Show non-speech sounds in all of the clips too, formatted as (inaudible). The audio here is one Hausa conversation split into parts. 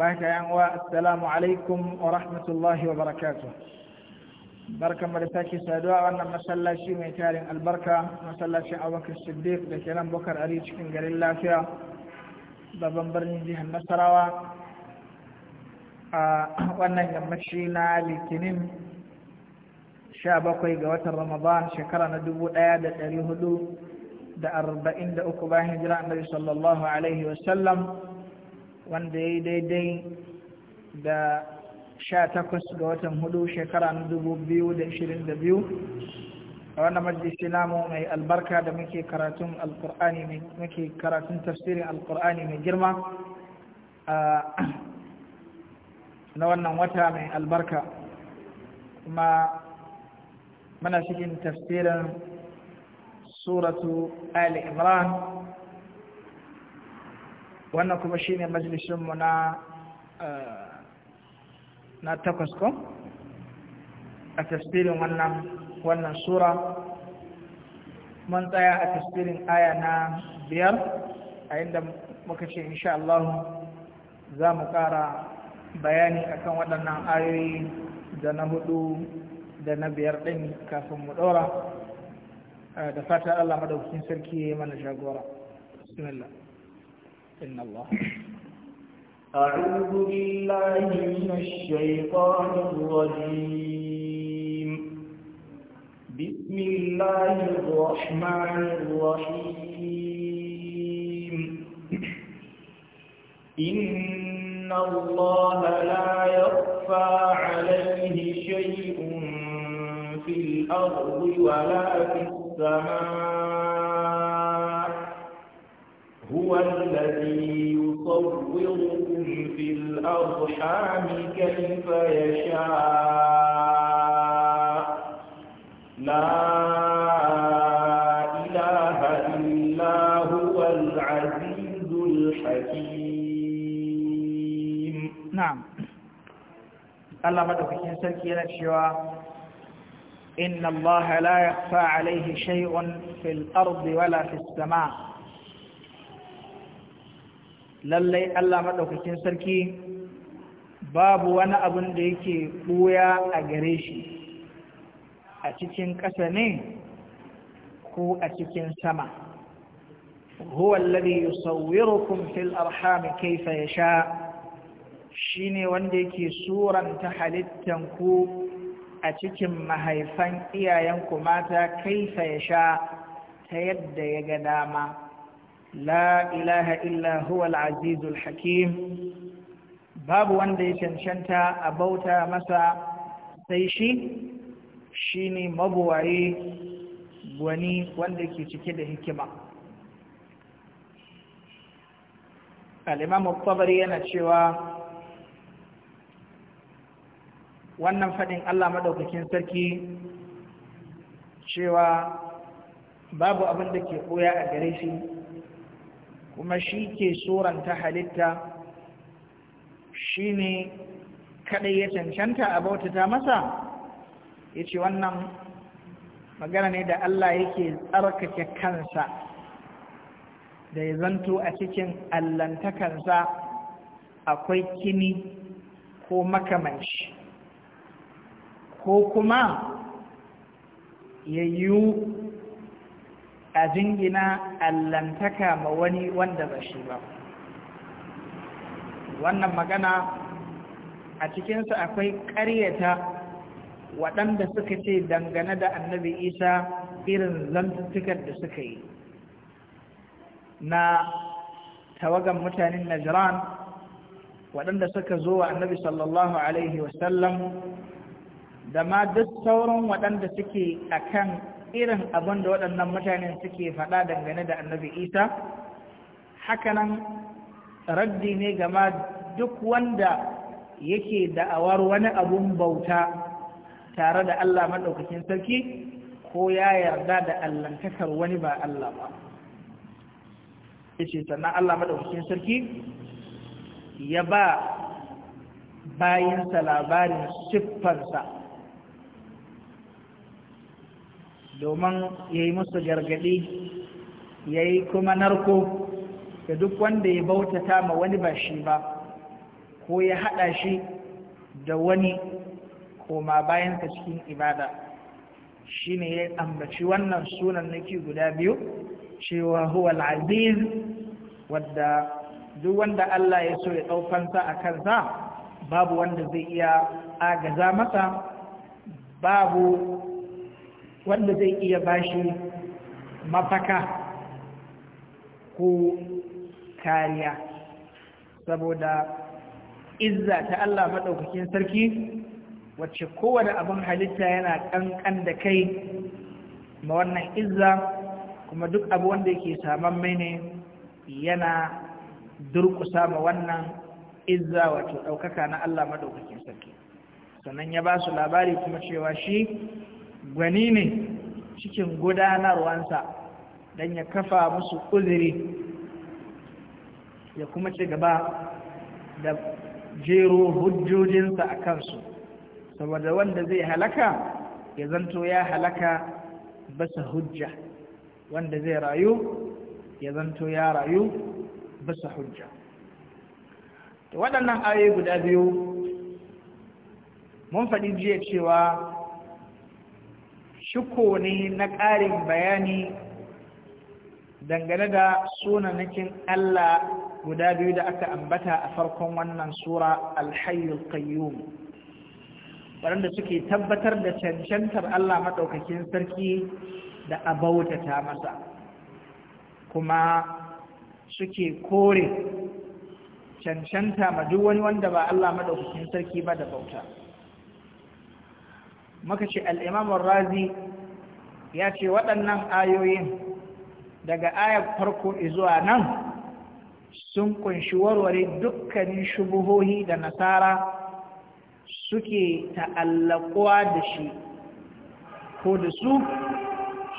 بارك السلام عليكم ورحمة الله وبركاته بارك مرتاك سادعا أن مسلا شيء ميتارين البركة مسلا شيء أبوك الصديق بكلام بكر أريج كن قال الله بابن برني جه النصر آه، وانا يمشينا لكنين شابقي جوات رمضان شكرنا دبو آيادة اليهدو da 40 da uku bayan hijira annabi sallallahu alaihi wasallam wanda ya yi daidai da sha takwas ga watan hudu shekara na dubu biyu da ishirin da biyu a wannan majalisi namu mai albarka da muke karatun alkur'ani muke karatun tafsirin alkur'ani mai girma na wannan wata mai albarka kuma muna cikin tafsirin suratu ali imran wannan kuma shi ne majalisunmu na eh, na takwas ko a tasirin wannan wannan sura mun tsaya a tasirin aya na biyar a inda muka ce insha Allah za mu ƙara bayani akan waɗannan ayoyi da na hudu da na biyar ɗin kafin mu ɗora eh, da fatan Allah madaukakin sarki ya yi mana jagora bismillah إن الله أعوذ بالله من الشيطان الرجيم بسم الله الرحمن الرحيم إن الله لا يخفى عليه شيء في الأرض ولا في السماء هو الذي يصوركم في الأرحام كيف يشاء لا إله إلا هو العزيز الحكيم نعم الله مدفكين سلكينا شواء إن الله لا يخفى عليه شيء في الأرض ولا في السماء lallai Allah maɗaukakin sarki babu wani abin da yake ɓuya a gare shi a cikin ƙasa ne ko a cikin sama huwa alladhi yusawwirukum fil arhami kayfa yasha shine wanda yake suranta halittan ku a cikin mahaifan iyayenku mata kaifa sha ta yadda ya ga dama لا إله إلا هو العزيز الحكيم باب واندي شنشنتا أبوتا مسا سيشي شيني مبوعي بواني wanda ke cike da hikima al'imamu kwabari yana cewa wannan faɗin allah maɗaukakin sarki cewa babu abin da ke koya a gare shi kuma shi ke tsoron ta halitta shi ne kaɗai ya cancanta a bautata masa ya ce wannan magana ne da Allah yake tsarkake kansa da ya zanto a cikin allantakansa akwai kini ko makamanci ko kuma ya yiwu a jingina allantaka ma wani wanda ba shi ba wannan magana a cikinsa akwai ƙaryata waɗanda suka ce dangane da annabi isa irin zantukar da suka yi na tawagan mutanen najran waɗanda suka zo wa annabi sallallahu alaihi wasallam da ma duk sauran waɗanda suke akan irin abin da waɗannan mutanen suke faɗa dangane da annabi isa hakanan raddi ne gama duk wanda yake da'awar wani abun bauta tare da allah maɗaukakin sarki ko ya yarda da allantakar wani ba allah ba ce sannan allah maɗaukakin sarki ya ba bayansa labarin siffarsa domin ya yi musu gargaɗi ya yi kuma narko da duk wanda ya bautata ma wani ba shi ba ko ya haɗa shi da wani koma bayansa cikin ibada shi ne ya ambaci wannan sunan nake guda biyu cewa huwa aziz wadda duk wanda Allah ya so ya ɗaukansa a kansa babu wanda zai iya agaza masa babu wanda zai iya bashi mafaka ko kariya saboda izza ta Allah maɗaukakin sarki wacce kowane abin halitta yana ƙanƙan da kai ma wannan izza kuma duk abu wanda yake saman mai ne yana durƙusa ma wannan izza wato ɗaukaka na Allah maɗaukakin sarki sannan ya ba su labari kuma cewa shi gwani ne cikin gudanarwansa don ya kafa musu uzuri ya kuma ci gaba da jero hujjojinsa a kansu saboda wanda zai halaka ya zanto ya halaka basa hujja wanda zai rayu ya zanto ya rayu basa hujja waɗannan ayoyi guda biyu mun faɗi jiya cewa shuko ne na ƙarin bayani dangane da sunanakin Allah guda biyu da aka ambata a farkon wannan sura alhayyul qayyum waɗanda suke tabbatar da cancantar Allah maɗaukakin sarki da abautata masa kuma suke kore cancanta ma duk wani wanda ba Allah maɗaukakin sarki ba da bauta. muka ce al'imam razi ya ce waɗannan ayoyin daga ayar farko zuwa nan sun kunshi warware dukkanin shubuhohi da nasara suke ta'allakuwa da shi ko da su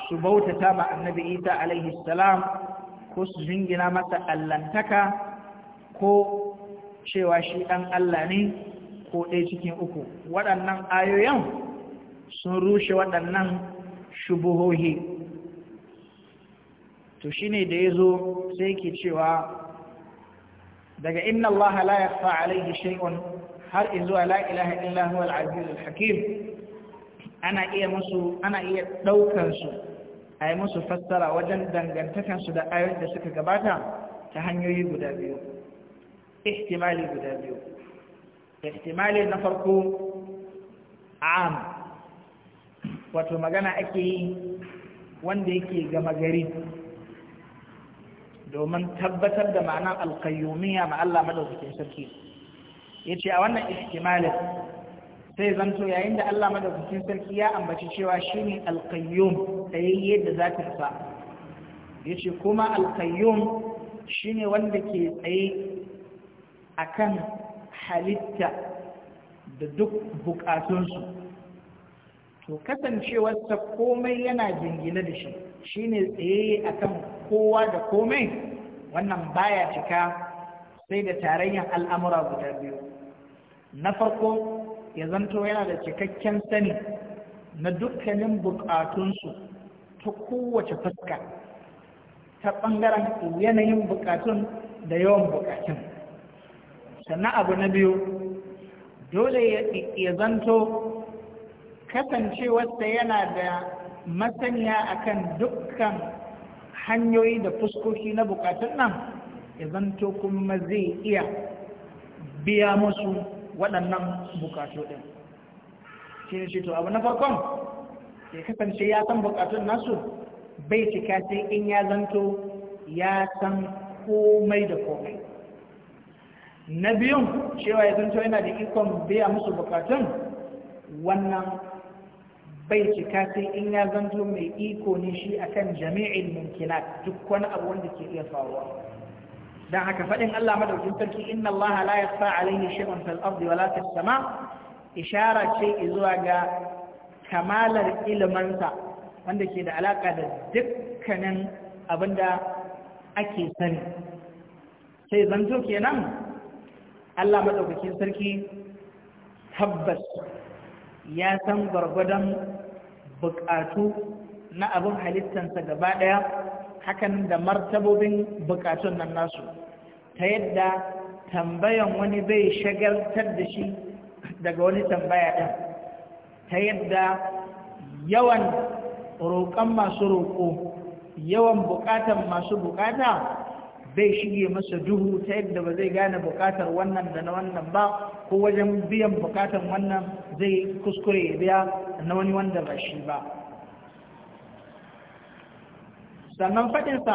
su bautata ma annabi isa alaihi salam ko su jingina masa allantaka ko cewa shi ɗan allah ne ko ɗaya cikin uku waɗannan ayoyin sun rushe waɗannan shubuhohi to shine da ya zo sai ke cewa daga inna Allah la yakfa alaihi shay'un har izuwa la ilaha illa huwa al al-hakim ana iya musu ana iya daukar su ayi musu fassara wajen dangantakan su da ayoyin da suka gabata ta hanyoyi guda biyu ihtimali guda biyu ihtimali na farko am wato magana ake yi wanda yake gama gari domin tabbatar da ma'anar alkayyumiya ma Allah madaukakin sarki ya ce a wannan istimalin, sai zanto yayin da Allah madaukakin sarki ya ambaci cewa shi ne alkayyum tsayayye da zatinsa ya ce kuma alkayyum shi ne wanda ke tsaye a kan halitta da duk bukatunsu to kasancewarsa komai yana jingine da shi shine tsaye a kan kowa da komai wannan baya cika sai da tarayyar al'amura guda biyu na farko ya zanto yana da cikakken sani na dukkanin bukatunsu ta kowace fuska ta ɓangaren yanayin bukatun da yawan bukatun sannan abu na biyu dole ya zanto kasancewarsa yana da masanya akan dukkan hanyoyi da fuskoki na bukatun nan ya zanto kuma zai iya biya musu waɗannan bukatu ɗin shi ne shi to abu na farkon ya kasance ya san bukatun nasu bai cika sai in ya zanto ya san komai da komai na biyun cewa ya zanto yana da ikon biya musu bukatun wannan bai cika sai in ya zanto mai iko ne shi akan jami'in mumkinat duk wani abu wanda ke iya faruwa dan haka fadin Allah madaukin sarki inna Allah la yakhfa alayhi shay'un fil ardi wala fis sama ishara ce zuwa ga kamalar ilimansa wanda ke da alaka da dukkanin abinda ake sani sai zanto kenan Allah madaukakin sarki tabbas ya san gwargwadon bukatu na abin halittansa gaba ɗaya hakan da martabobin bukatun nan nasu ta yadda tambayan wani bai shagaltar da shi daga wani tambaya ɗin ta yadda yawan roƙon masu roƙo yawan buƙatan masu buƙata Zai shige masa duhu ta yadda ba zai gane bukatar wannan da na wannan ba ko wajen biyan bukatar wannan zai kuskure ya biya na wani wanda ba shi ba sannan faɗinsa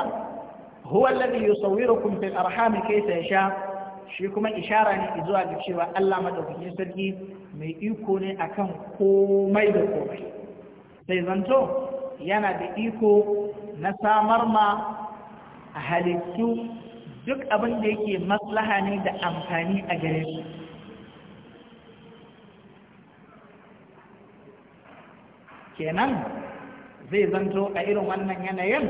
huwa alladhi yusawwirukum arhami arham ya sha, shi kuma ishara ne zuwa ga cewa Allah madaukakin sarki mai iko ne akan komai da komai sai zanto yana da iko na samar ma A halittu duk abin da yake maslaha ne da amfani a gare su kenan zai zanto a irin wannan yanayin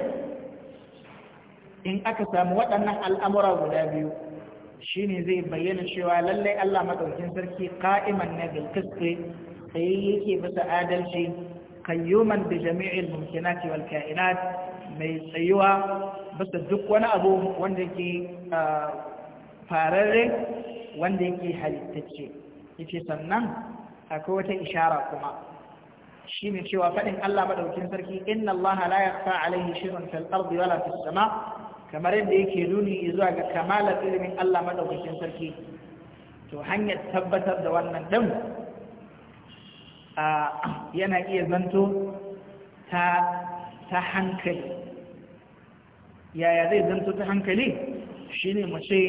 in aka samu waɗannan al'amura guda biyu shi ne zai bayyana cewa lallai Allah maɗaukin sarki ƙa'iman na bilkiske sai yake bisa adalci kayyuman da jami'in mumkinati wal ka'inat mai tsayuwa basta duk wani abu wanda ke fararre wanda yake halittacce yake sannan akwai wata ishara kuma shi ne cewa faɗin Allah maɗaukin sarki inna Allah la yakhfa alaihi shirun fil ardi wala fis sama kamar yadda yake nuni zuwa ga kamalar ilimin Allah maɗaukakin sarki to hanyar tabbatar da wannan din yana iya zanto ta ta hankali yaya zai zanto ta hankali Shi ne mace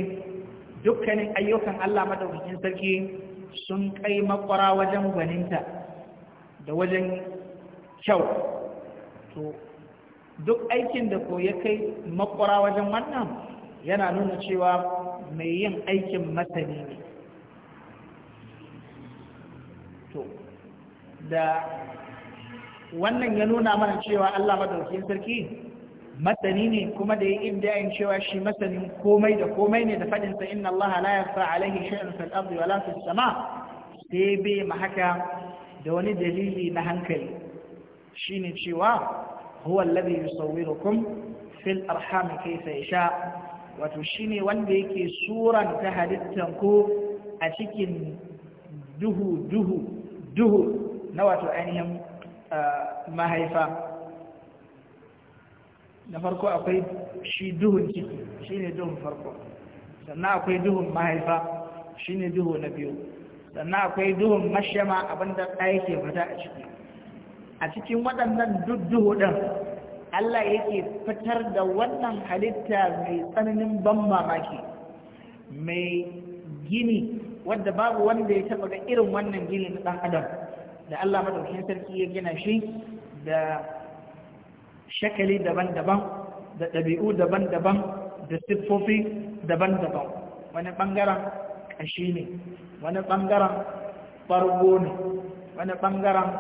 dukkanin ayyukan Allah madaukakin sarki sun kai makwara wajen gwaninta da wajen kyau to duk aikin da ko ya kai makwara wajen wannan yana nuna cewa mai yin aikin masani ne to da wannan ya nuna mana cewa Allah madaukakin sarki masani ne kuma da ya imdayin cewa shi masani komai da komai ne da faɗinsa inna Allah la yasa alaihi shay'un fil ardi wala sama sai bai mahaka da wani dalili na hankali shine cewa huwa alladhi yusawwirukum fil arham kayfa sha wato ne wanda yake suran ta halittar ku a cikin duhu duhu duhu na wato ainihin ah, mahaifa na farko akwai shi duhun ciki shi ne duhun farko sannan akwai duhun mahaifa shi ne duhu na biyu sannan akwai duhun mashama abinda ɗaya ke fita a ciki a cikin waɗannan duk duhu ɗin Allah yake fitar da wannan halitta mai tsananin ban mamaki mai gini wadda babu wanda ya taɓa ga irin wannan gini na ɗan adam da Allah madaukakin sarki ya gina shi da shakali daban-daban da ɗabi'u daban-daban da siffofi daban-daban wani ɓangaren ƙashi ne wani ɓangaren ɓargo ne wani ɓangaren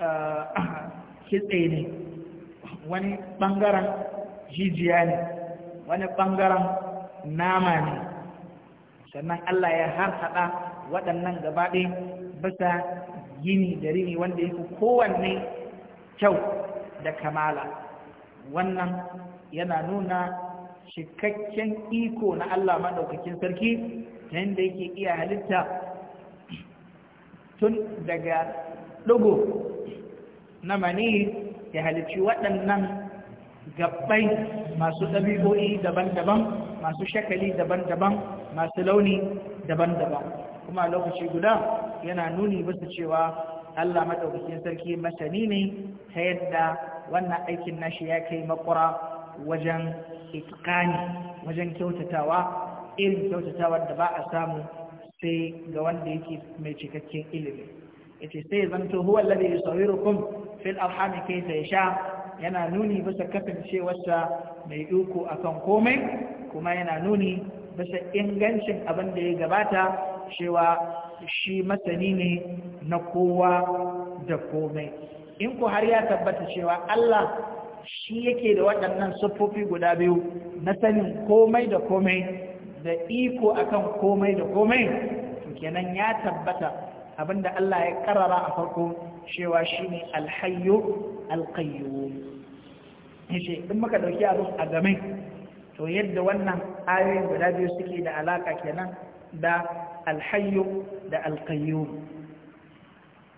eh, (clears throat) kitse ne wani ɓangaren jijiya ne wani ɓangaren nama ne sannan Allah ya har haɗa waɗannan gabaɗe bisa gini da rini wanda ya fi kowanne kyau da kamala wannan yana nuna cikakken iko na Allah maɗaukakin sarki ta yadda yake iya halitta tun daga ɗugu na mani ya halicci waɗannan gabbai masu ɗabi'o'i daban-daban masu shakali daban-daban masu launi daban-daban kuma lokaci guda yana nuni basu cewa Allah maɗaukakin sarki masani ne ta yadda wannan aikin nashi ya kai makura wajen ikani wajen kyautatawa irin kyautatawar da ba a samu sai ga wanda yake mai cikakken ilimi Ita sai zanto huwa alladhi yusawwirukum fil arham kayfa yasha yana nuni bisa kasancewarsa mai duku akan komai kuma yana nuni bisa ingancin abin da ya gabata cewa shi masani ne na kowa da komai in ku har ya tabbata cewa Allah shi yake da waɗannan siffofi guda biyu na sanin komai da komai da iko akan komai da komai kenan ya tabbata abinda Allah ya karara a farko cewa shine alhayyu alqayyum yace in muka dauki abin a game to yadda wannan ayoyin guda biyu suke da alaka kenan da alhayyu da alqayyum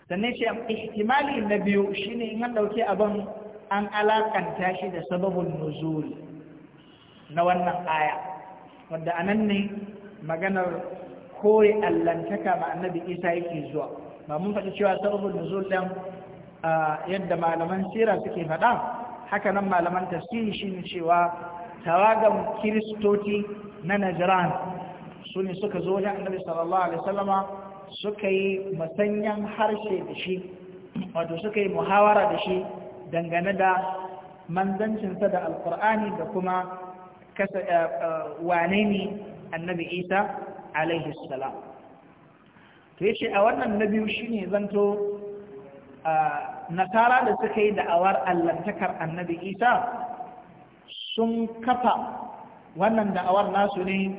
sannan shi ihtimali na biyu shine in an ɗauke abin an alakanta shi da sababin nuzul na wannan aya wanda anan ne maganar kore allantaka ma annabi isa yake zuwa ba mun faɗi cewa sababin nuzul ɗin yadda malaman sira suke faɗa haka nan malaman shi shine cewa tawagan kiristoci na najiran su ne suka zo wajen annabi sallallahu alaihi wasallama suka yi musanyan harshe da shi wato suka yi muhawara da shi dangane da manzancinsa da alkur'ani da kuma eh, eh, wane ne annabi isa alaihi salam to yace a wannan na biyu shine zanto eh, nasara da suka yi da'awar allantakar annabi isa sun kafa wannan da'awar nasu ne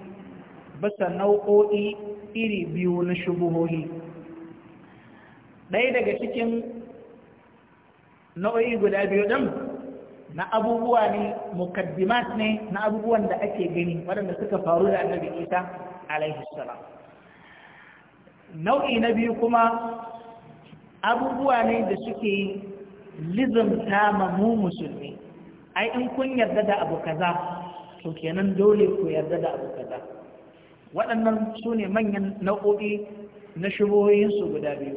bisa nau'o'i iri biyu na shubuhohi ɗaya daga cikin nau'i guda biyu ɗin na abubuwa ne mukaddimat ne na abubuwan da ake gani waɗanda suka faru da annabi isa alaihi salam nau'i na biyu kuma abubuwa ne da suke lizamta ma mu musulmi ai in kun yarda da abu kaza to kenan dole ku yarda da abu kaza waɗannan su ne manyan nau'o'i na shubohinsu guda biyu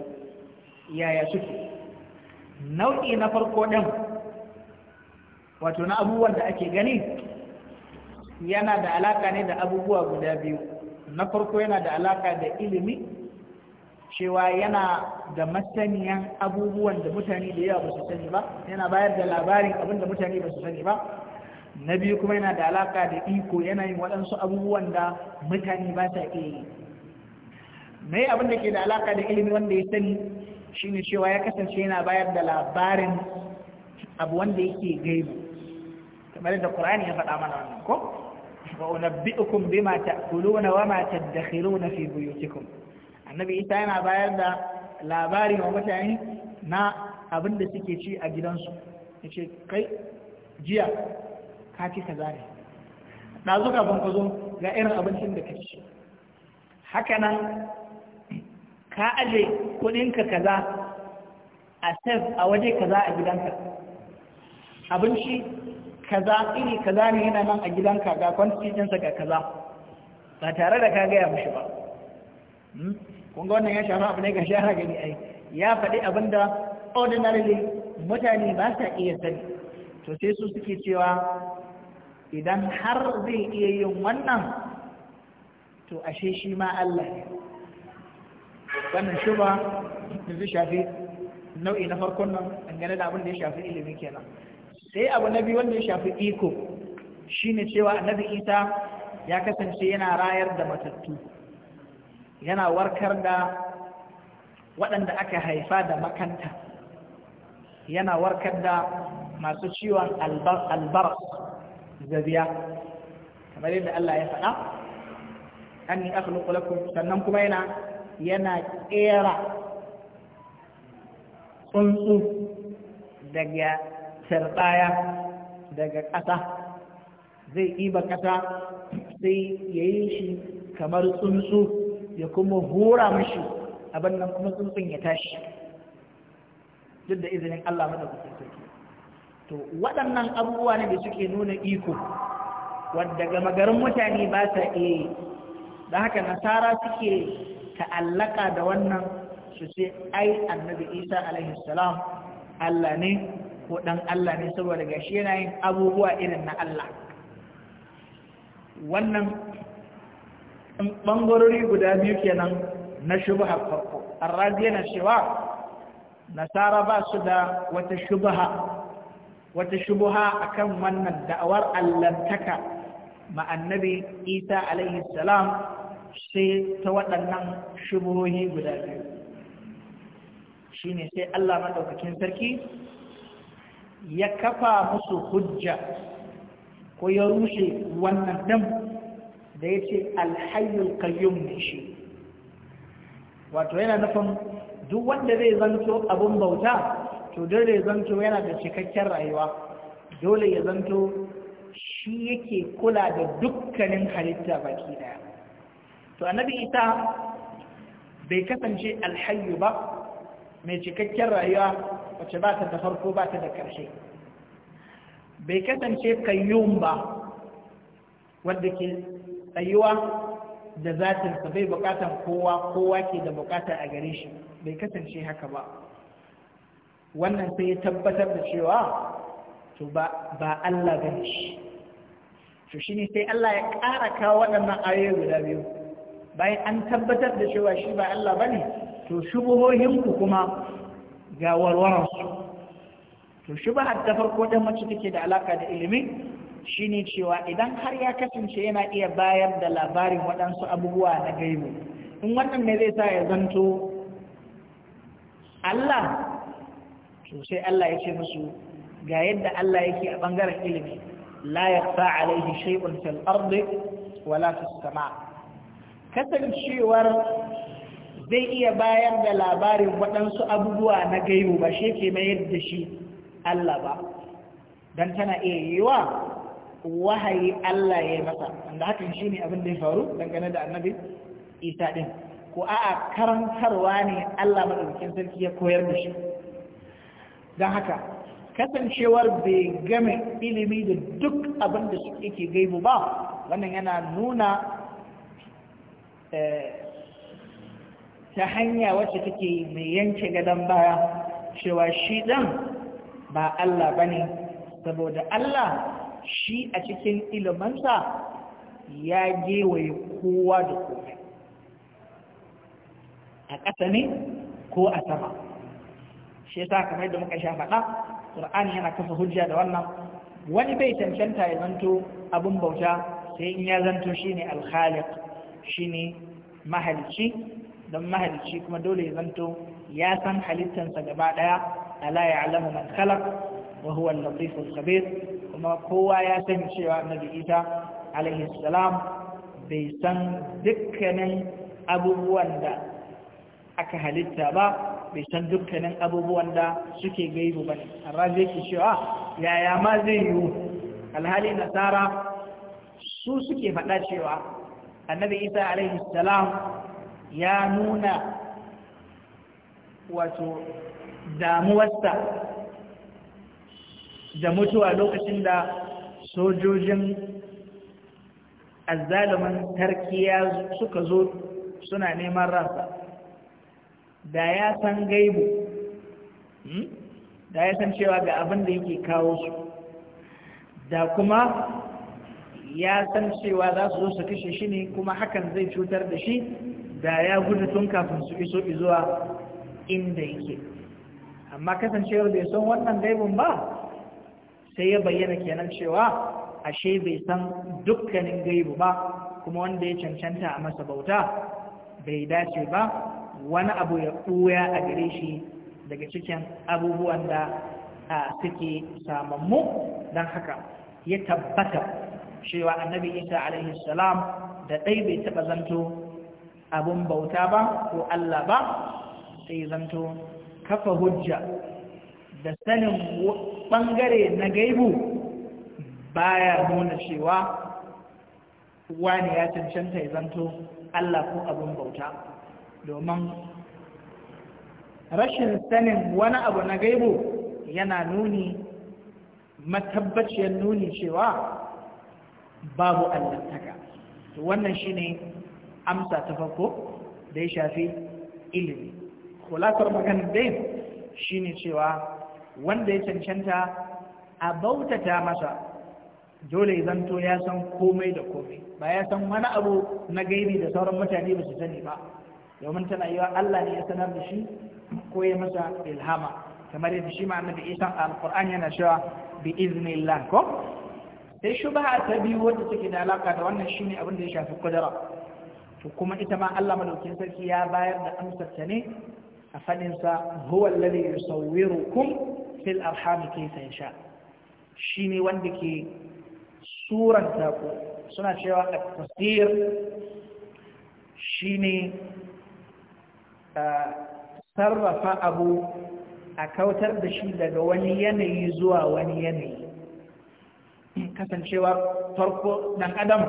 yaya suke nau'i na farko ɗin wato na abubuwan da ake gani yana da alaka ne da abubuwa guda biyu na farko yana da alaka da ilimi cewa yana da masaniyan abubuwan da mutane da yawa ba su sani ba yana bayar da labarin abin da mutane ba su sani ba na biyu kuma yana da alaka da iko yana yin waɗansu abubuwan da mutane ba sa iya yi mai abin da ke da alaka da ilimi wanda ya sani shi ne cewa ya kasance yana bayar da labarin abu wanda yake gaibu kamar da Qur'ani ya faɗa mana wannan ko wa unabbi'ukum bima ta'kuluna wa ma na fi buyutikum annabi isa yana bayar da labari wa mutane na abin da suke ci a gidansu yace kai jiya ka ci kaza ne ɗazu kafin ka zo ga irin abincin da ka ci haka nan ka aje kuɗinka kaza a sef a waje kaza a gidanka abinci kaza iri kaza ne yana nan a gidanka ga ɗinsa ga kaza ba tare da ka gaya mushi ba hmm? kunga wannan ya shafa abu ne ga shara gani ai ya faɗi abinda ordinarily mutane ba sa iya sani to sai su suke cewa idan har zai iya yin wannan to ashe shi ma Allah ne wannan shi ba zai shafi nau'i na farkon nan dangane da abin da ya shafi ilimi kenan sai abu na biyu wanda ya shafi iko shine cewa annabi isa ya kasance yana rayar da matattu yana warkar da waɗanda aka haifa da makanta yana warkar da masu ciwon albaras zabiya kamar yadda Allah ya faɗa an yi sannan kuma yana yana ƙera tsuntsu daga sarɓaya daga ƙasa zai ɗiba ƙasa sai ya yi shi kamar tsuntsu ya kuma hura mashi abin nan kuma tsuntsun ya tashi duk da izinin Allah madaukakin to waɗannan abubuwa ne da suke nuna iko wadda gama garin mutane ba sa iya da haka nasara suke ta'allaka da wannan su ce ai annabi isa alaihi salam allah ne ko ɗan allah ne saboda gashi yana yin abubuwa irin na allah wannan ɓangarori guda biyu kenan na shubhar farko arrazi yana cewa nasara ba su da wata shubha wata shubuha akan wannan da'awar allantaka ma annabi isa alaihi salam sai ta waɗannan shubuhohi guda biyu shi ne sai allah maɗaukakin sarki ya kafa musu hujja ko ya rushe wannan dam da ya ce alhayyul kayyum ne shi wato yana nufin duk wanda zai zanto abin bauta to dole ya zanto yana da cikakken rayuwa dole ya zanto shi yake kula da dukkanin halitta baki daya to annabi isa bai kasance alhayu ba mai cikakken rayuwa wacce ba ta da farko ba ta da karshe bai kasance kayyum ba wanda ke tsayuwa da zatinsa bai bukatar kowa kowa ke da bukata a gare shi bai kasance haka ba wannan sai ya tabbatar da cewa to ba Allah ne shi to shi ne sai Allah ya ƙara kawo waɗannan ayoyi guda biyu bayan an tabbatar da cewa shi ba Allah ba ne to shubuhohinku kuma ga warwararsu to shubahar ta farko ɗan mace take da alaƙa da ilimi ne cewa idan har ya kasance yana iya bayar da labarin waɗansu abubuwa na gaibu in wannan ne zai sa ya zanto Allah to sai Allah ya ce musu ga yadda Allah yake a ɓangaren ilimi la yaqta alaihi shay'un fil ardi wala fis sama kasancewar zai iya bayar da labarin waɗansu abubuwa na gaibu ba shi ke mayar da shi Allah ba dan tana iya yiwa wahayi Allah ya yi masa wanda hakan shi ne abin da ya faru dangane da annabi isa ɗin ko a'a karantarwa ne Allah maɗaukakin sarki ya koyar da shi don haka kasancewar bai game ilimi da duk abin da su ke gaibu ba wannan yana nuna eh, ta hanya wacce take mai yanke gadon baya cewa shi ɗan ba Allah ba ne saboda Allah shi a cikin ilimansa ya gewaye kowa da kome, a ƙasa ne ko a sama shi yasa kamar yadda muka sha faɗa qur'ani yana kafa hujja da wannan wani bai cancanta ya zanto abin bauta sai in ya zanto shine al-khaliq shine mahalici don mahalicci kuma dole ya zanto ya san halittansa gaba daya ala ya'lamu man khalaq wa huwa al-latif al-khabir kuma kowa ya san cewa annabi Isa alaihi salam bai san dukkanin abubuwan da aka halitta ba bai san dukkanin abubuwan da suke gaibu ba ne arrazi ke cewa yaya ma zai yiwu alhali nasara su suke faɗa cewa annabi isa alaihi salam ya nuna wato damuwarsa da mutuwa lokacin da sojojin azzaluman tarkiya suka zo suna neman ransa da ya san gaibu hmm? da ya san cewa ga abin da yake kawo su da kuma ya san cewa za su zo su kashe shi ne kuma hakan zai cutar da shi da ya gudu tun kafin su iso izuwa inda yake amma kasancewar bai san wannan gaibun ba sai ya bayyana kenan cewa ashe bai san dukkanin gaibu ba kuma wanda ya cancanta a masa bauta bai dace ba wani abu ya ɓuya a gare shi daga cikin abubuwan da suke samammu don haka ya tabbata cewa annabi isa alaihi salam da ɗai bai taɓa zanto abun bauta ba ko Allah ba sai zanto kafa hujja da sanin ɓangare na gaibu baya nuna cewa wani ya cancanta ya zanto Allah ko abun bauta domin rashin sanin wani abu na gaibo yana nuni matabbaciyar nuni cewa babu allantaka wannan shi ne amsa ta farko da ya shafi ilimi kulatar maganar dai ne cewa wanda ya cancanta a bautata masa dole zanto ya san komai da komai ba ya san wani abu na gaibi da sauran mutane ba su sani ba domin tana yiwa Allah ne ya sanar da shi ko ya masa ilhama kamar yadda shi ma'ana da isan alkur'an yana cewa bi iznillah ko sai shubha ta biyu wanda take da alaka da wannan shine abin da ya shafi kudura to kuma ita ma Allah madaukin sarki ya bayar da amsar ta ne a fadin sa huwa alladhi yusawwirukum fil arham kayfa yasha shine wanda ke suranta ku suna cewa at-tasdir shine sarrafa abu a kautar da shi daga wani yanayi zuwa wani yanayi kasancewa farko ɗan adam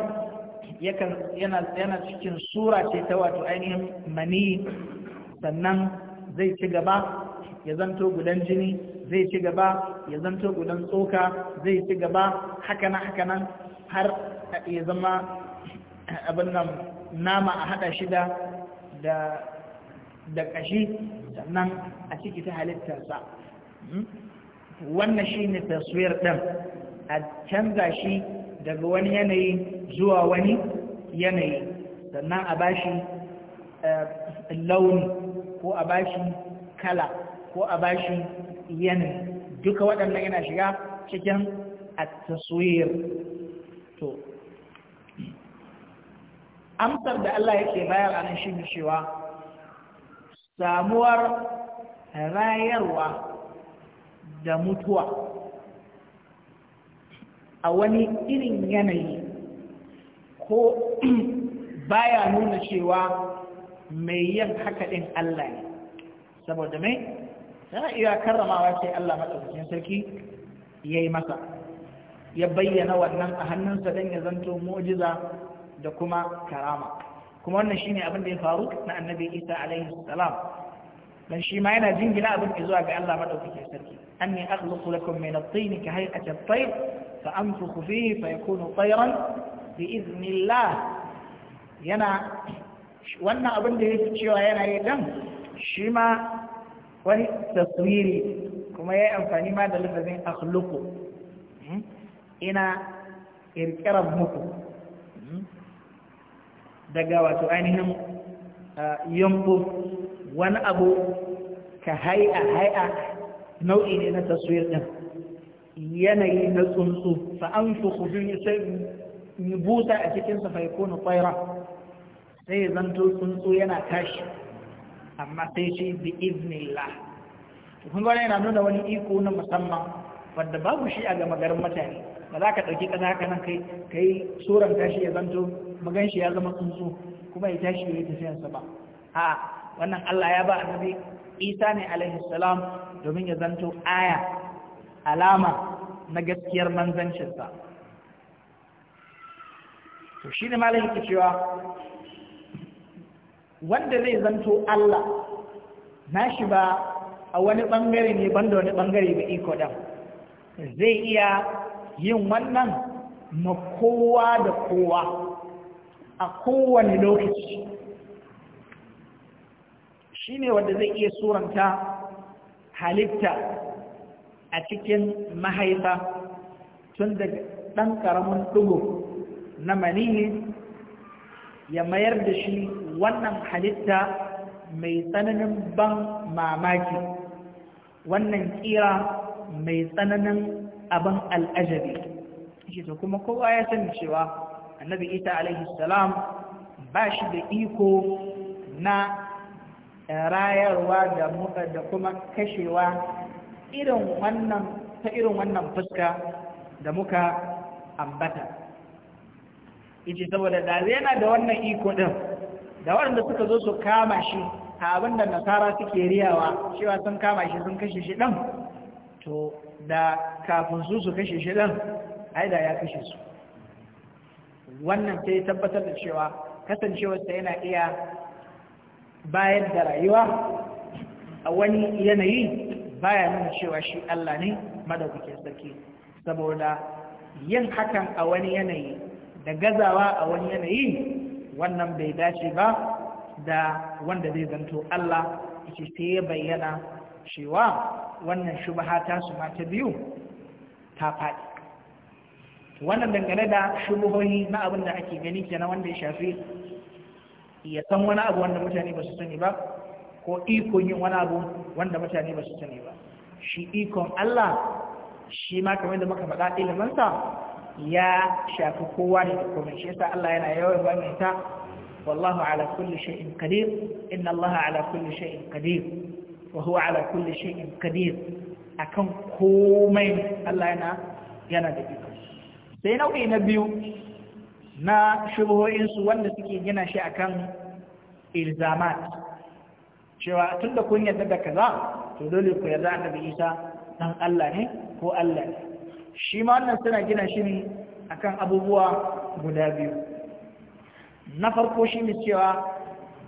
yana cikin sura ce ta wato ainihin mani sannan zai ci gaba ya zanto gudan jini zai ci gaba ya zanto gudan tsoka zai ci gaba hakanan hakanan har ya zama abin nan nama a hada shida da da ƙashi sannan a ciki ta halittarsa hmm? wannan shi ne taswiyar ɗin a canza shi daga wani yanayi zuwa wani yanayi sannan a bashi eh, launi ko a bashi kala ko a bashi yanayi duka waɗannan yana shiga cikin a taswiyar to amsar da Allah yake bayar a nan shi cewa samuwar rayarwa da mutuwa a wani irin yanayi ko (clears throat) baya nuna cewa mai yin haka ɗin Allah ne saboda mai yana iya karramawa sai Allah matsaukakin sarki ya yi masa ya bayyana wannan a hannunsa don ya zanto mu'jiza da kuma karama kuma wannan ne abin da ya faru na annabi isa alaihi salam dan shi ma yana jingina abin da zuwa ga Allah madaukakin sarki anni akhluqu lakum min at-tin ka hay'ati at-tayr fa anfukhu fihi fa yakunu tayran bi idhnillah yana wannan abin da yake cewa yana yi dan shi ma wani taswiri kuma ya yi amfani ma da lafazin akhluqu hmm? ina irkiran muku daga wato ainihin yambo wani abu ka hai'a hai'a nau'i ne na taswir din yanayi na tsuntsu an su kudu sai buta a cikinsa fa yakunu tsaira sai zanto tsuntsu yana tashi amma sai shi bi iznillah kun gwada yana nuna wani iko na musamman wadda babu shi a gama garin mutane ba za ka ɗauki ƙasa haka nan kai kai suran tashi ya zanto magan shi ya zama tsuntsu kuma ya tashi ya tafiyansa ba a wannan Allah ya ba annabi Isa ne alaihi salam domin ya zanto aya alama na gaskiyar manzancinsa to shi ne malam cewa wanda zai zanto Allah nashi ba a wani bangare ne banda wani bangare ba iko dan zai iya yin wannan ma kowa da kowa a kowane lokaci shi ne wanda zai iya suranta halitta a cikin mahaifa tun daga ɗan ƙaramin ɗugo na maniyi ya mayar da shi wannan halitta mai tsananin ban mamaki wannan ƙira mai tsananin abin al'ajabi shi kuma kowa ya sani cewa annabi isa alaihi salam ba shi da iko na rayarwa da kuma kashewa irin wannan ta irin wannan fuska da muka ambata iji saboda da yana da wannan iko din da waɗanda suka zo su kama shi abin da nasara suke riyawa cewa sun kama shi sun kashe shi ɗin to da kafin su su kashe shi ɗin aida ya kashe su wannan sai tabbatar da cewa kasancewarsa yana iya bayar da rayuwa a wani yanayi baya nuna cewa shi Allah ne madaukakin sarki saboda yin hakan a wani yanayi da gazawa a wani yanayi wannan bai dace ba da wanda zai zanto Allah yake sai ya bayyana cewa wannan shubaha ta su mata biyu ta faɗi wannan dangane da shubuhohi na abin da ake gani kenan wanda ya shafi ya san wani abu wanda mutane ba su sani ba ko ikon yin wani abu wanda mutane ba su sani ba shi ikon Allah shi ma kamar da muka faɗa iliminsa ya shafi kowa ne da komai shi yasa Allah yana yawan bayyana ta wallahu ala kulli shay'in qadir inna Allah ala kulli shay'in qadir wa huwa ala kulli shay'in qadir akan komai Allah yana yana da ikon sai nau'i na biyu na shubuhoyinsu wanda suke gina shi akan ilzamat cewa tun da kun yarda da kaza to dole ku yarda da isa dan Allah ne ko Allah ne shi ma wannan suna gina shi ne akan abubuwa guda biyu na farko shi ne cewa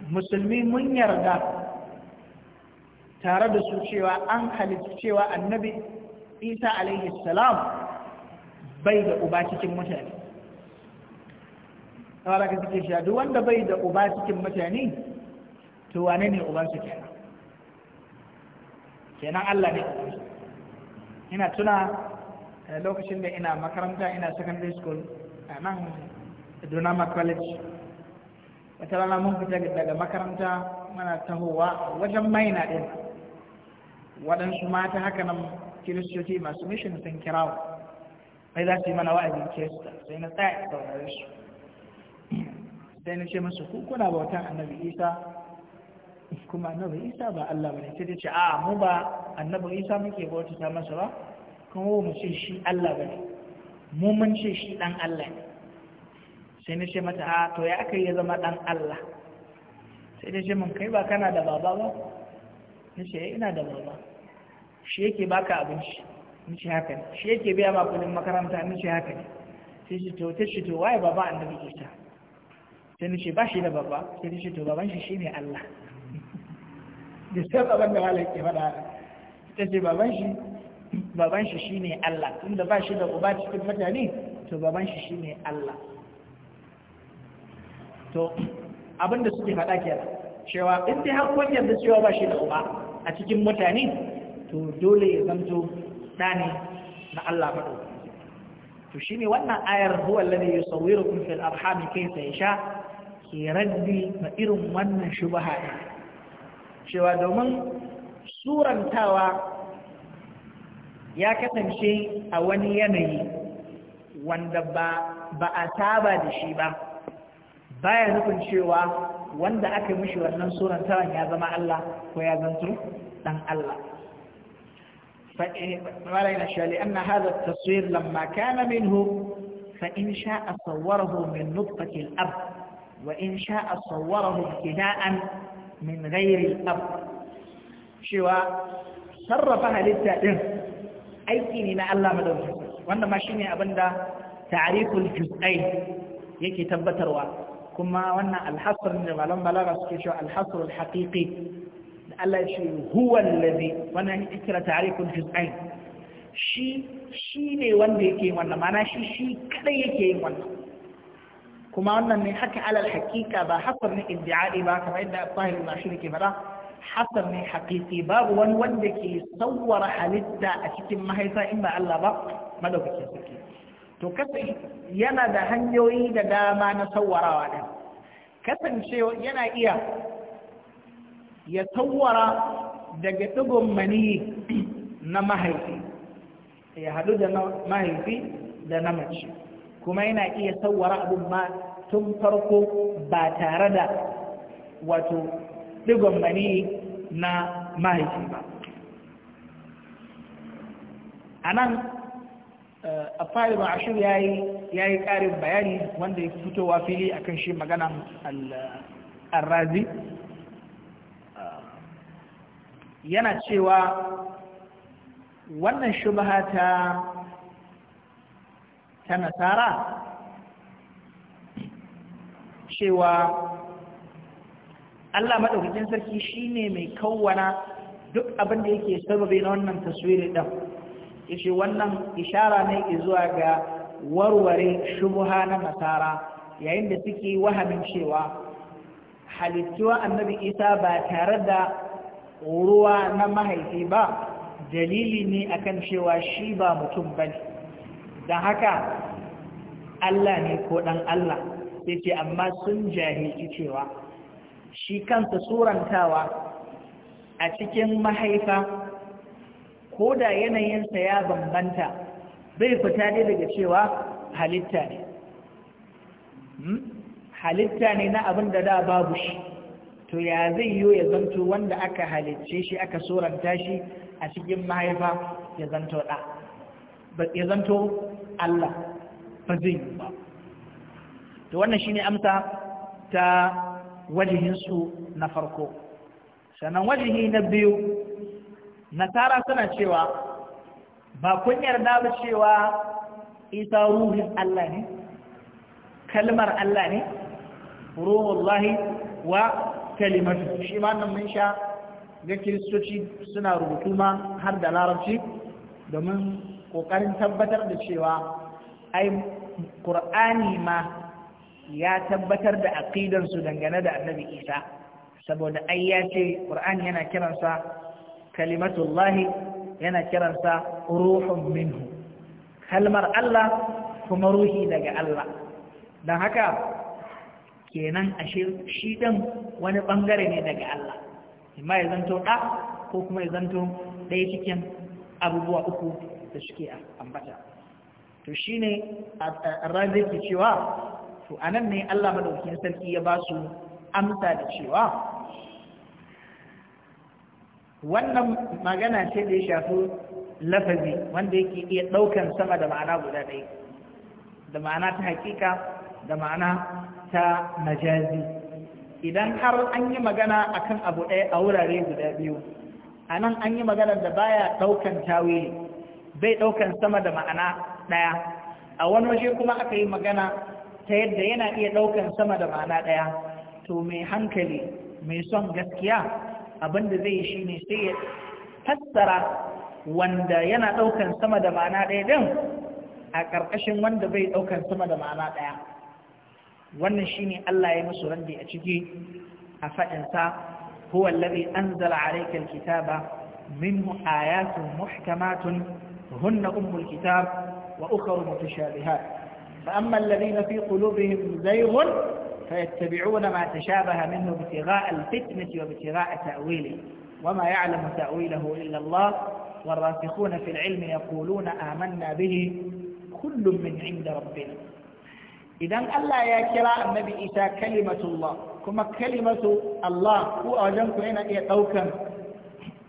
musulmi mun yarda tare da su cewa an halittu cewa annabi isa alaihi bai da uba cikin mutane kawai ka suke shi wanda bai da uba cikin mutane to wane ne su kenan kenan Allah ne ina tuna eh, lokacin da ina makaranta ina secondary school a nan Dunama College wata rana mun fita daga makaranta mana tahowa wajen maina din waɗansu mata haka nan kiristoci masu mission sun kirawa ai za su yi mana wa'azin kesta sai na tsaya saurare su sai na ce masu kuna bautan annabi isa kuma annabi isa ba Allah bane sai ce a mu ba annabi isa muke bauta ta masa ba kuma mu ce shi Allah bane mu mun ce shi dan Allah ne sai na ce mata a to ya aka yi zama dan Allah sai ta ce mun kai ba kana da baba ba na ce eh, ina da baba shi yake baka abinci mishi haka ne shi yake biya ma kudin makaranta mishi haka ne sai shi to ta shi to waye baba annabi ta sai ni ce ba shi da baba sai ni ce to baban shi shine Allah (laughs) da sai baban da wala ke faɗa ta ce baban shi baban shi shine Allah tunda ba shi da uba cikin mutane to baban shi shine Allah to abinda suke faɗa kenan cewa in dai har kun yarda cewa ba shi da uba a cikin mutane to dole ya zanto ɗa ne na Allah faɗo? to shi ne wannan ayar huwa lalai ya sauwiro kun fil arhami kai sai sha ke raddi na irin wannan shubaha ne cewa domin surantawa ya kasance a wani yanayi wanda ba a saba da shi ba baya nufin cewa wanda aka mishi wannan surantawan ya zama Allah ko ya zanto ɗan Allah فما لا شيء لأن هذا التصوير لما كان منه فإن شاء صوره من نقطه الأرض وإن شاء صوره ابتداء من غير الأرض شوى صرفها اي كين ما ألم له جزء وأن ما أبدا تعريف الجزئين يكي تبترها كما وأن الحصر من العلم بلغة الحصر الحقيقي da Allah shi huwa allazi wannan ikira tarikul juz'ain shi shi ne wanda yake yin wannan mana shi shi kadai yake yin wannan kuma wannan ne haka alal hakika ba hasar ne iddi'ai ba kamar yadda Tahir Mashiri ke fada hasar ne haqiqi babu wani wanda ke sawwara halitta a cikin mahaifa in ba Allah ba madaukakin sarki to kasai yana da hanyoyi da dama na sawwarawa din kasancewa yana iya ya tawara daga ɗigon maniyi na mahaifi ya haɗu da mahaifi da na mace kuma yana iya tawara abin ma tun farko ba tare da wato ɗigon mani na mahaifi ba a nan eh, a ashir ya yi ƙarin bayani wanda ya fitowa fili akan shi magana al-razi eh, yana cewa wannan shubha ta ta nasara cewa Allah maɗaukakin sarki shine mai kawwana duk abin da yake sababi na wannan taswirin ɗan yace wannan ishara ne zuwa ga warware shubha na nasara yayin da suke wahamin cewa halittuwa annabi isa ba tare da ruwa na mahaifi ba dalili ne akan cewa shi ba mutum ba ne don haka Allah ne ko ɗan Allah sai ce amma sun jahilci cewa shi kansa surantawa a cikin mahaifa ko da yanayinsa ya bambanta bai fita ne daga cewa halitta ne hmm? halitta ne na abin da da babu shi to ya zai yiwu ya zanto wanda aka halicce shi aka suranta shi a cikin mahaifa ya zanto ɗa ya zanto Allah ba zai yi ba to wannan shi ne amsa ta wajihinsu na farko sannan wajihi na biyu nasara suna cewa ba kun yarda ba cewa isa ruhin Allah ne kalmar Allah ne ruhullahi wa kalimatu shi ma nan mun sha ga kiristoci suna rubutu ma har da larabci domin kokarin tabbatar da cewa ai qur'ani ma ya tabbatar da aqidan su dangane da annabi isa saboda ai ya ce qur'ani yana kiransa kalimatullahi yana kiransa ruhun minhu kalmar Allah kuma ruhi daga Allah don haka kenan ashe shi ɗan wani bangare ne daga Allah imma ya zanto ɗa ko kuma ya zanto ɗaya cikin abubuwa uku da suke ambata to shi ne ke cewa to a nan ne Allah madaukakin sarki ya ba su amsa da cewa wannan magana ce da ya shafi lafazi wanda yake iya ɗaukan sama da ma'ana guda ɗaya da ma'ana ta hakika da ma'ana ta majazi idan har an yi magana akan abu ɗaya a wurare guda biyu a nan an yi magana da baya ɗaukan tawili bai ɗaukan sama da ma'ana ɗaya a wani waje kuma aka yi magana ta yadda yana iya ɗaukan sama da ma'ana ɗaya to mai hankali mai son gaskiya abin da zai yi ne sai ya fassara wanda yana ɗaukan sama da ma'ana ɗaya din a ƙarƙashin wanda bai ɗaukan sama da ma'ana ɗaya wannan shine Allah ya musu randi a ciki a fadin sa huwa allazi anzala alayka alkitaba minhu ayatun muhkamatun hunna umul kitab wa ukhra mutashabihat fa amma alladhina fi qulubihim zayghun فيتبعون ما تشابه منه ابتغاء الفتنة وابتغاء تأويله وما يعلم تأويله إلا الله والراسخون في العلم يقولون آمنا به كل من عند ربنا idan Allah ya kira annabi isa kalimatullah kuma kalimatu Allah ko a wajen ku yana iya ɗaukan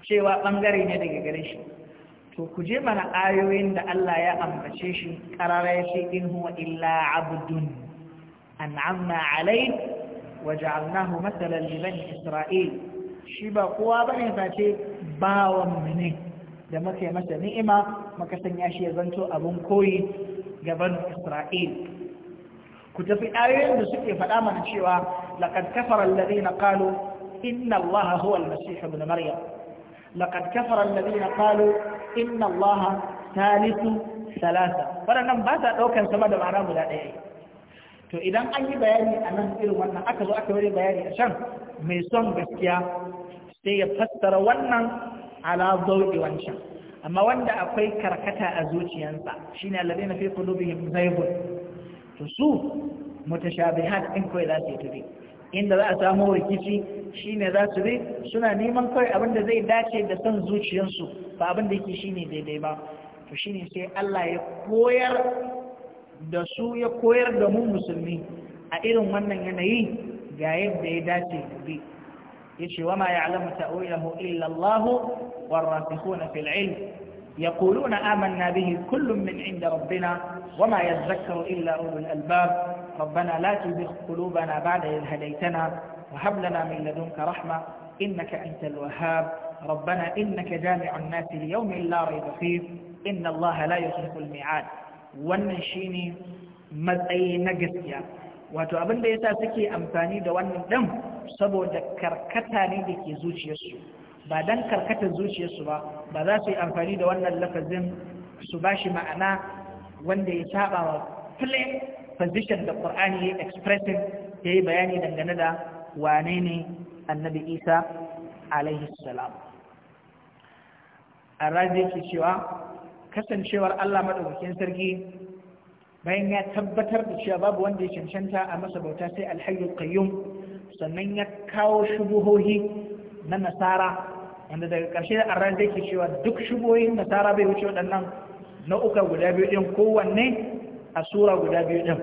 cewa ɓangare ne daga gare shi to ku je mana ayoyin da Allah ya ambace shi ƙarara ya ce in huwa illa abdun an'amna alai wa ja'alnahu masalan li bani isra'il shi ba kowa bane face bawan mu ne da muka yi masa ni'ima muka sanya shi ya zanto abun koyi ga bani isra'il ku tafi ayoyin da suke faɗa mana cewa laqad kafara alladhina qalu inna allaha huwa al ibn maryam laqad kafara alladhina qalu inna allaha thalithu thalatha wadannan ba sa ɗaukan sama da ma'ana guda ɗaya to idan an yi bayani a nan irin wannan aka zo aka wani bayani a can mai son gaskiya sai ya fassara wannan ala zauɗi wancan amma wanda akwai karkata a zuciyansa shine alladhina fi qulubihim zaygun to su mutashabihat din kawai za su yi inda za a samu rikici shine za su bi suna neman kawai abinda zai dace da son zuciyarsu ba abinda yake shine daidai ba to shine sai Allah ya koyar da su ya koyar da mu musulmi a irin wannan yanayi ga yadda ya dace da bi yace wa ma ya'lamu ta'wilahu illa Allah warasikhuna fil ilm يقولون آمنا به كل من عند ربنا وما يذكر إلا أولو الألباب ربنا لا تزغ قلوبنا بعد إذ هديتنا وهب لنا من لدنك رحمة إنك أنت الوهاب ربنا إنك جامع الناس ليوم لا ريب فيه إن الله لا يخلف الميعاد والنشين shine matsayi na gaskiya wato abin da yasa suke amfani da wannan din saboda karkata ne zuciyarsu ba dan karkatar zuciyarsu ba ba za su yi amfani da wannan lafazin su ba shi ma'ana wanda ya saba wa plain position da Qur'ani ya expressing ya yi bayani dangane da wane ne annabi Isa alaihi salam arrazi ke cewa kasancewar Allah maɗaukakin sarki bayan ya tabbatar da cewa babu wanda ya cancanta a masa bauta sai alhayyul qayyum sannan ya kawo shubuhohi na nasara wanda daga ƙarshe da arran da ke cewa duk shuboyin nasara bai wuce waɗannan nau'uka guda biyu ɗin kowanne a sura guda biyu ɗin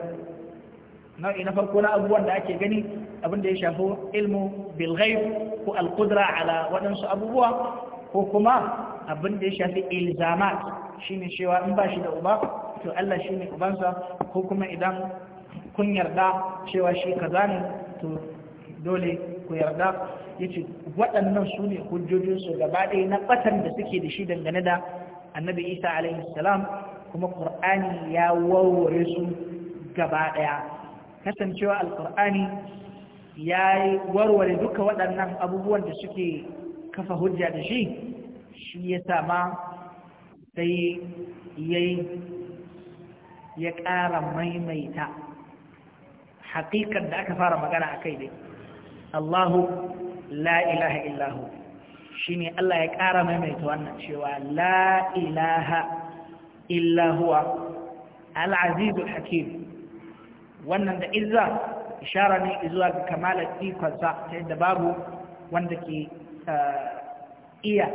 nau'i na farko na abubuwan da ake gani abin da ya shafi ilmu bilghaib ko alkudra ala waɗansu abubuwa ko kuma abin da ya shafi ilzamat shine cewa in ba shi da uba to Allah shine ubansa ko kuma idan kun yarda cewa shi kaza ne to dole ku yarda yace waɗannan su ne hujjojinsu gaba ɗaya na ɓatan da suke da shi dangane da annabi isa alaihi salam kuma ƙur'ani ya warware su gaba ɗaya kasancewa alƙur'ani ya warware duka waɗannan abubuwan da suke kafa hujja da shi shi ya sama sai ya ƙara maimaita haƙiƙar da aka fara magana a kai dai Allahu la ilaha illahu shine Allah ya ƙara maimaita wannan cewa la ilaha illahu al hakim wannan da izza ishara ne zuwa ga kamalar ikonsa ta yadda babu wanda ke uh, iya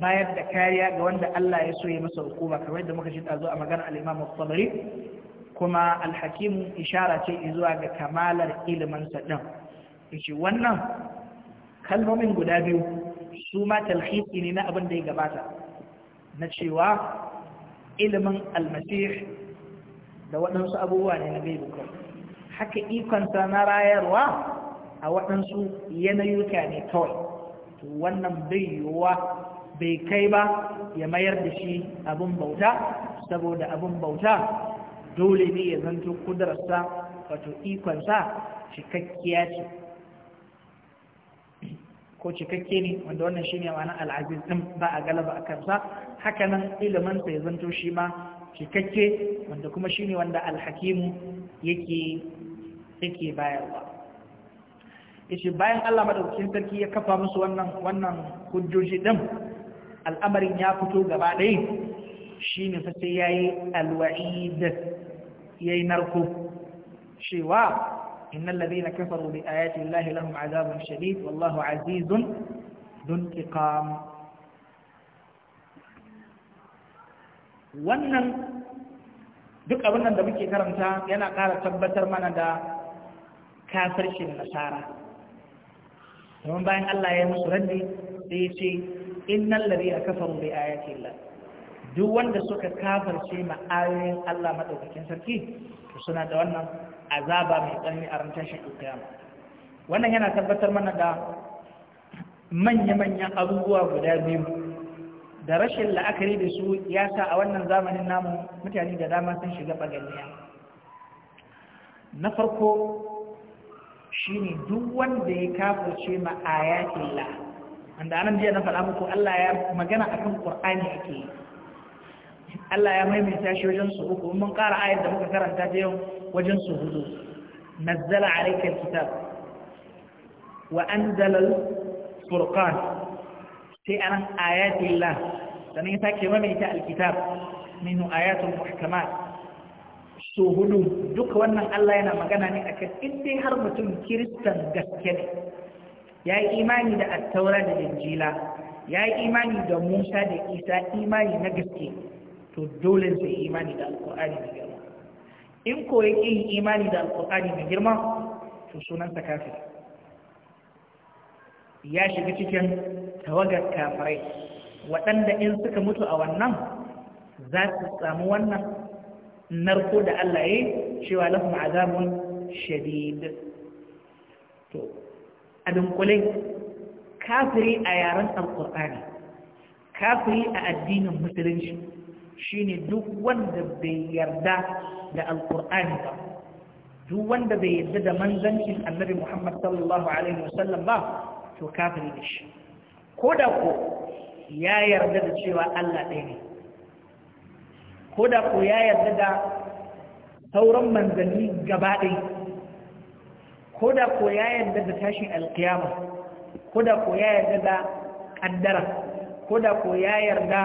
bayar da kariya ga wanda Allah ya so masa hukuma kamar yadda muka shida zuwa magana al-Imam al-Tabari kuma al hakimu ishara ce zuwa ga kamalar ilimin ɗin wannan kalmomin guda biyu su ma talhiki ne na abin da ya gabata na cewa ilimin almasih da waɗansu abubuwa ne na gaibu kai haka ikonsa na rayarwa a waɗansu yanayuka ne kawai wannan bai yiwuwa bai kai ba ya mayar da shi abin bauta saboda abin bauta dole ne ya zanto kudararsa wato ikonsa cikakkiya ce ko cikakke ne wanda wannan shi ne ma'ana al'aziz ɗin ba a galaba a kansa hakanan ilimin sai zanto shi ma cikakke wanda kuma shi ne wanda alhakimu yake bayarwa ishe bayan Allah maɗaukin sarki ya kafa musu wannan hujjoji ɗin al'amarin ya fito gaba ɗaya shine fa sai yayi ya yayi narko cewa إن الذين كفروا بآيات الله لهم عذاب شديد والله عزيز ذو انتقام wannan duk abin nan da muke karanta yana ƙara tabbatar mana da kafircin nasara domin bayan Allah ya musu raddi sai ya ce innal ladina kafaru bi ayati Allah duk wanda suka kafirce ma ayoyin Allah madaukakin sarki to suna da wannan azaba mai tsanani a ran tashin alkiyama wannan yana tabbatar mana da manya-manyan abubuwa guda biyu da rashin la'akari da su ya sa a wannan zamanin namu mutane da dama sun shiga baganiya na farko shi ne duk wanda ya ce ma'aya illa wanda anan jiya na faɗa muku Allah ya magana akan Qur'ani ake Allah ya maimaita shi wajen su uku mun ƙara ayar da muka karanta ta yau wajen su hudu nazzala alaikal kitab wa anzalal sai anan ayatillah sannan ya sake mamaita alkitab minhu ayatul muhkamat su hudu duka wannan Allah yana magana ne akan inda har mutum kiristan gaske ne ya yi imani da attaura da jinjila, ya yi imani da musa da isa imani na gaske to dole sai imani da alkur'ani da in ko ya imani da alƙur'ani mai girma to sunansa kafin ya shiga cikin tawagar kafirai waɗanda in suka mutu a wannan za su samu wannan narko da Allah ya yi cewa lafi ma'azamun shadid to a dunkulai kafiri a yaren alƙur'ani kafiri a addinin musulunci shine duk wanda bai yarda da alkur'ani ba duk wanda bai yarda da manzancin annabi muhammad sallallahu alaihi wasallam ba to kafiri ne shi ko da ko ya yarda da cewa allah ɗaya ne ko da ko ya yarda da sauran manzanni gaba ɗaya ko da ko ya yarda da tashin alkiyama ko da ko ya yarda da ƙaddara ko da ko ya yarda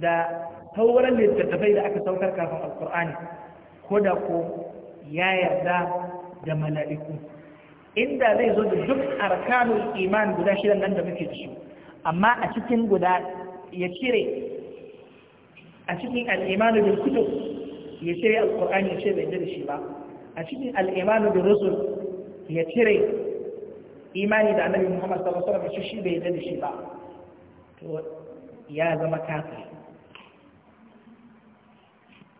da tauran littattafai da aka saukar kafin alkur'ani ko da ko ya yarda da mala'iku inda zai zo da duk arkanul iman guda shidan nan da muke dashi amma a cikin guda ya cire a cikin al'iman da kutub ya cire alkur'ani ya ce bai da shi ba a cikin al'iman da rusul ya cire imani da annabi muhammad sallallahu alaihi wasallam shi bai da shi ba to ya zama kafir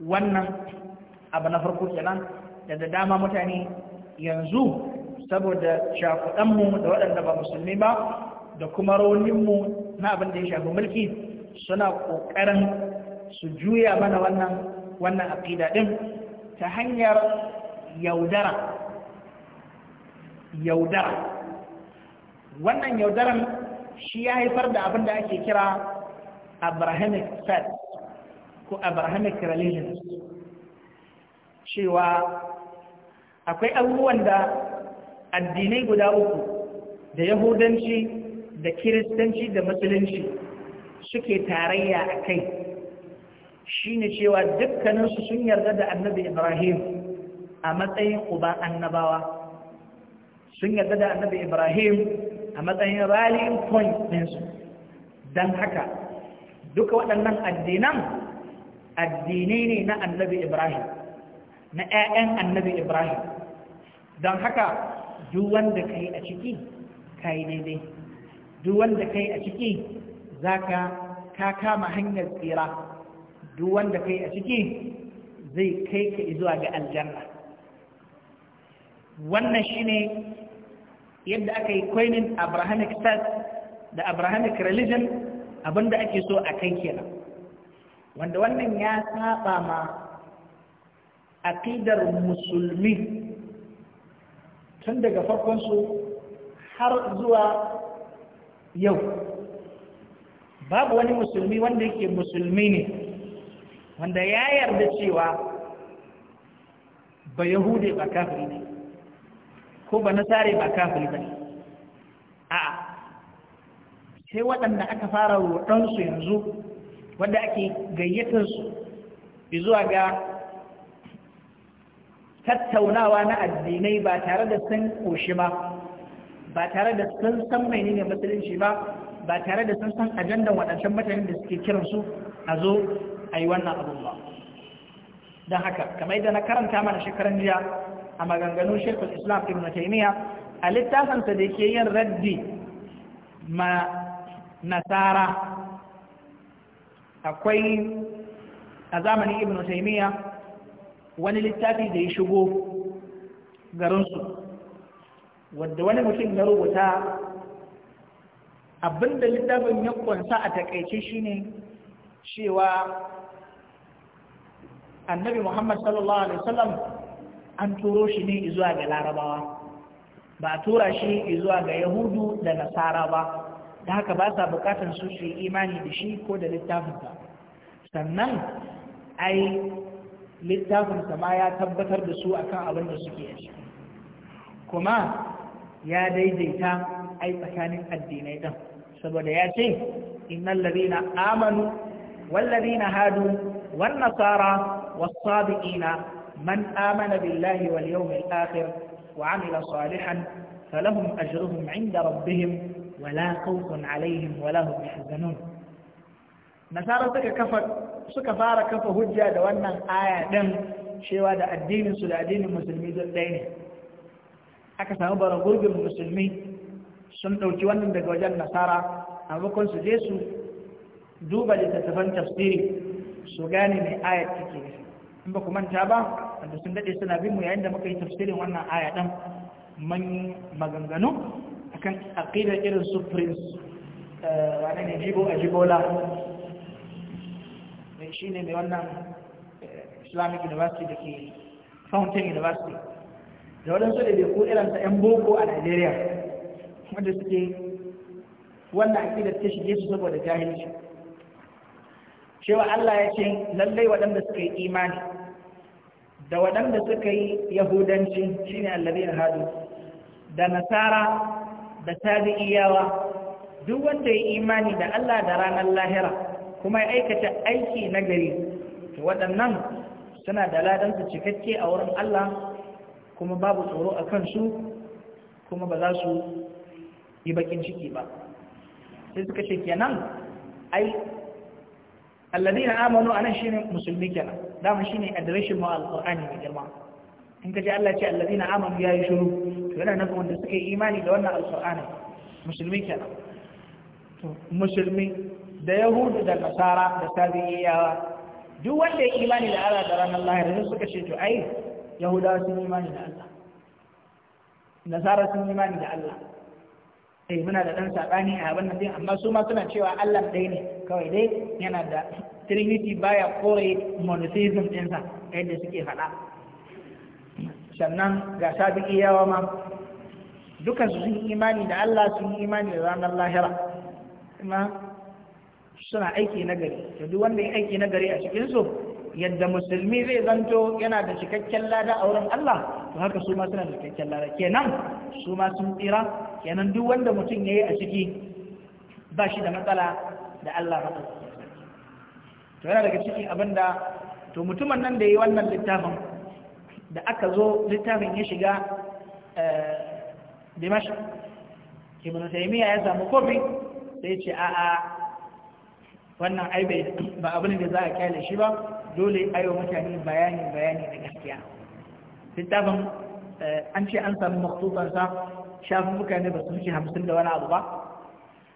wannan abu na farko kenan da da dama mutane yanzu saboda shafuɗanmu da waɗanda ba musulmi ba da kuma rauninmu na abin da ya shafi mulki suna ƙoƙarin su juya mana wannan wannan aƙida ɗin ta hanyar yaudara yaudara wannan yaudaran shi ya haifar da abin da ake kira abrahamic set ko abrahamic religion cewa akwai abubuwan da addinai guda uku da yahudanci da kiristanci da musulunci suke tarayya a kai shi ne cewa dukkaninsu sun yarda da annabi ibrahim a matsayin uba annabawa sun yarda da annabi ibrahim a matsayin rallying point ɗinsu don haka duka waɗannan addinan addinai ne na annabi ibrahim na 'ya'yan annabi ibrahim don haka duk wanda ka yi a ciki ka yi daidai duk wanda ka yi a ciki za ka ka kama hanyar tsira duk wanda ka yi a ciki zai kai ka zuwa ga aljanna wannan shi ne yadda aka yi kwanin abrahamic stats da abrahamic religion abinda ake so a kai kenan wanda wannan ya saba ma aqidar musulmi tun daga farkon su har zuwa yau babu wani musulmi wanda yake musulmi ne wanda ya yarda cewa ba yahude ba kafiri ne ko ba nasare ba kafiri ba ne a'a sai waɗanda aka fara su yanzu wanda ake gayyatarsu zuwa ga tattaunawa na addinai ba tare da sun ƙoshi ba ba tare da sun san mai ne musulunci ba ba tare da sun san ajandan waɗancan mutanen da suke kiransu a zo a yi wannan abin ba don haka kamar yadda na karanta mana shekaran jiya a maganganun shirkul islam ibn taimiyya a littafinsa da ke yin raddi ma nasara akwai a zamanin ibn taimiyya wani littafi da ya shigo garinsu wadda wani mutum ya rubuta abinda littafin ya kunsa a takaice shine cewa annabi muhammad sallallahu alaihi wasallam an turo shi ne zuwa ga larabawa ba tura shi zuwa ga yahudu da nasara ba da haka ba sa bukatar su su yi imani da shi ko da littafinsa sannan ai littafinsa ma ya tabbatar da su akan abin da suke ciki kuma ya daidaita ai tsakanin addinai ɗin saboda ya ce innal ladina amanu wal hadu wan nasara was sabiina man amana billahi wal yawmil akhir wa amila salihan falahum ajruhum 'inda rabbihim wala khawfun alaihim wala hum yahzanun nasara suka kafa suka fara kafa hujja da wannan aya din cewa da addinin su da addinin musulmi da ɗaya ne aka samu bara gurbin musulmi sun ɗauki wannan daga wajen nasara a makon su je su duba littattafan tafsiri su gane mai ayat take in ba ku manta ba wanda sun daɗe suna bin mu yayin da muka yi tafsirin wannan aya ɗin man maganganu akan aqidar irin su prince eh, wane ne jibo a eh, jibola eh, shi mai wannan islamic university da ke fountain university da waɗansu da ko irinsa 'yan boko a nigeria wanda suke wannan aƙidar ta shige su saboda jahilci cewa allah ya ce lallai waɗanda suka yi imani da waɗanda suka yi yahudanci shine allazi hadu da nasara da tabi'iyawa duk wanda ya imani da Allah da ranar lahira kuma ya aikata aiki na gari to waɗannan suna da ladansu cikakke a wurin Allah kuma babu tsoro a kansu kuma ba za su yi bakin ciki ba sai suka ce kenan ai allazi na amanu anan shine musulmi kenan dama shine adireshin mu alqur'ani mai girma in ka ji Allah ce allazi na amanu ya yi shiru waɗannan wanda suka yi imani da wannan alƙur'ani musulmi kenan musulmi da yahudu da nasara da sabiyawa duk wanda ya imani da ala da ranar lahira sai suka ce to ai yahudawa sun imani da Allah nasara sun imani da Allah eh muna da ɗan saɓani a abin nan amma su ma suna cewa Allah dai ne kawai dai yana da trinity baya kore monotheism ɗinsa yadda suke faɗa sannan ga sabi'iyawa ma duka su sun imani da Allah sun yi imani da ranar lahira kuma suna aiki na gari to duk wanda ya aiki na gari a cikin su yadda musulmi zai zanto yana da cikakken lada a wurin Allah to haka su ma suna da cikakken lada kenan su ma sun tsira kenan duk wanda mutum yayi a ciki ba shi da matsala da Allah to yana daga ciki abinda to mutumin nan da yi wannan littafin da aka zo littafin ya shiga eh, dimashi ibn taymiya ya samu kofi sai ce a a wannan ai bai ba abin da za a kyale shi ba dole ayo mutane bayani bayani da gaskiya littafin eh, an ce an samu maktuban shafin mutane ba su wuce hamsin da wani abu ba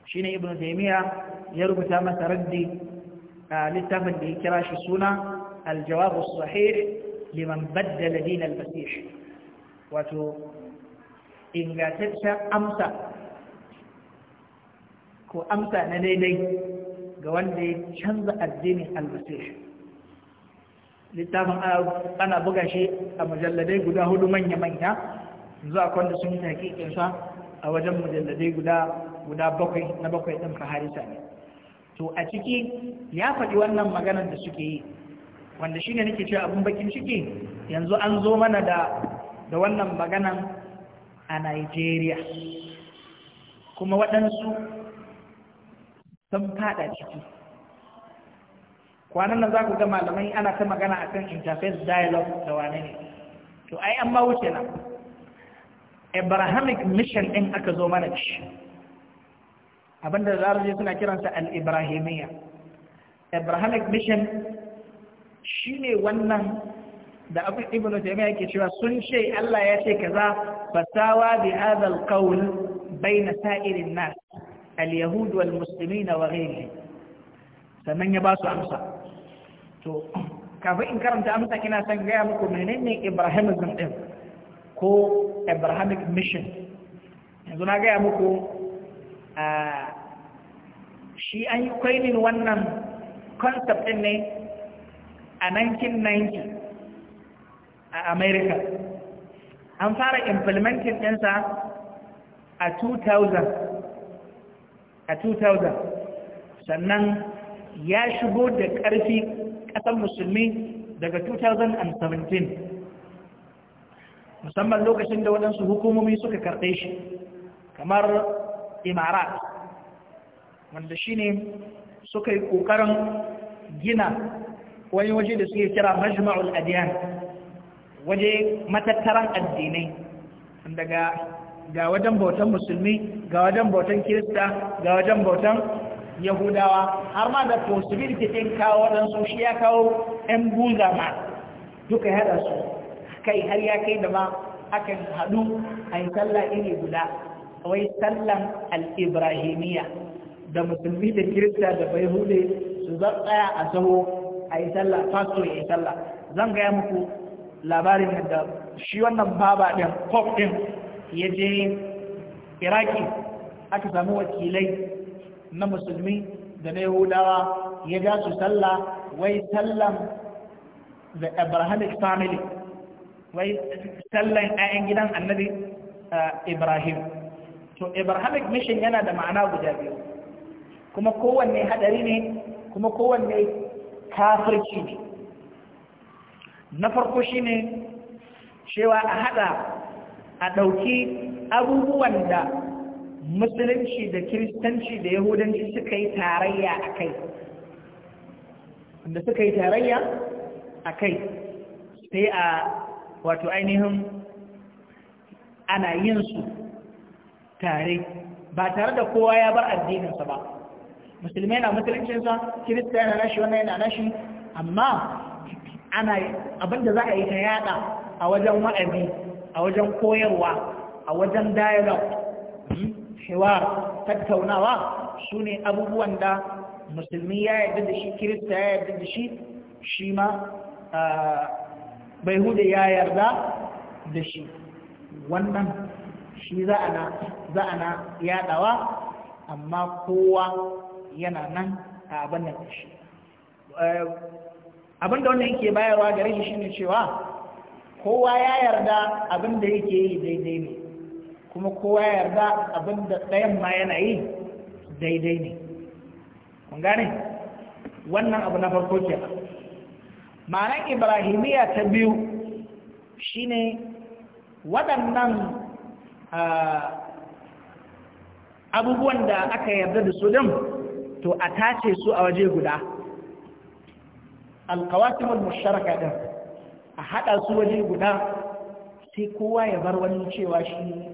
shine ibn taymiya ya rubuta masa raddi a littafin da ya kira shi suna الجواب الصحيح liman baddala dinal masih wato ingantaccen amsa ko amsa na daidai ga wanda ya canza addinin almasih littafin ah, ana buga shi a mujalladai guda hudu manya-manya zuwa kwanda sun yi hakikinsa a wajen mujalladai guda bakwai na bakwai ɗin faharisa ne to a ciki ya faɗi wannan maganar da suke yi wanda shine nake cewa abun bakin ciki yanzu an zo mana da da wannan maganan a Nigeria kuma waɗansu sun fada ciki kwanan nan za ku ga malamai ana ta magana akan interface dialogue da wane ne to ai an ma wuce na. Abrahamic mission ɗin aka zo mana ci abinda zaraje suna kiransa al-Ibrahimiyya Abrahamic mission ne wannan da abu ibnu taymiya yake cewa sun ce Allah ya ce kaza fasawa bi hadha alqawl bayna sa'ir an-nas al-yahud wal muslimin wa ghayrihim sannan ya ba su amsa to kafin in karanta amsa kina san gaya muku menene ibrahimism din ko abrahamic mission yanzu na gaya muku ah, shi an yi kwainin wannan concept din ne a 1990 a america an fara implementing ɗinsa a 2000 a 2000 sannan ya shigo da ƙarfi ƙasar musulmi daga 2017 musamman lokacin da waɗansu hukumomi suka karɓe shi kamar imarat wanda shi ne suka yi ƙoƙarin gina wani waje da suke kira majma'ul adiyan waje matattaran addinai daga ga wajen bautan musulmi ga wajen bautan kirista ga wajen bautan yahudawa har ma da possibility din kawo waɗansu shi ya kawo 'yan buza ma duka haɗa su kai har ya kai da ma akan haɗu a yi sallah iri guda wai sallan al'ibrahimiyya da musulmi da kirista da bai hude su zaɓaya a saho a yi sallah pastor ya yi sallah zan gaya muku labarin yadda shi wannan baba ɗin pop ɗin ya je iraki aka samu wakilai na musulmi da na yahudawa ya ja su sallah wai sallan the abrahamic family wai sallan 'ya'yan gidan annabi uh, ibrahim to abrahamic mission yana da ma'ana guda biyu kuma kowanne hadari ne kuma kowanne kafirci ne na farko shi ne cewa a hada a ɗauki abubuwan da musulunci da kiristanci da yahudanci suka yi tarayya a kai da suka yi tarayya a kai sai a wato ainihin ana yin su tare ba tare da kowa ya bar addininsa ba musulmai na musuluncinsa kirista yana nashi wannan yana nashi amma ana abinda za a yi ta yada a wajen wa'azi a wajen koyarwa a wajen dialogue hmm, cewa tattaunawa su ne abubuwan da musulmi ya yarda da shi kirista ya yarda da shi shi ma bai huda ya yarda da shi wannan shi za a na yadawa amma kowa yana nan a abin ta shi eh, abin da wannan yake bayarwa gare shi shine cewa kowa ya yarda abin da yake yi daidai ne kuma kowa ya yarda abin da ɗayan ma yana yi daidai ne kun gane wannan abu na farko ke ma'anar ibrahimiyya ta biyu shine waɗannan ah, abubuwan da aka yarda da su din to a tace su a waje guda alkawasimul musharaka din a hada su waje guda sai kowa ya bar wani cewa shi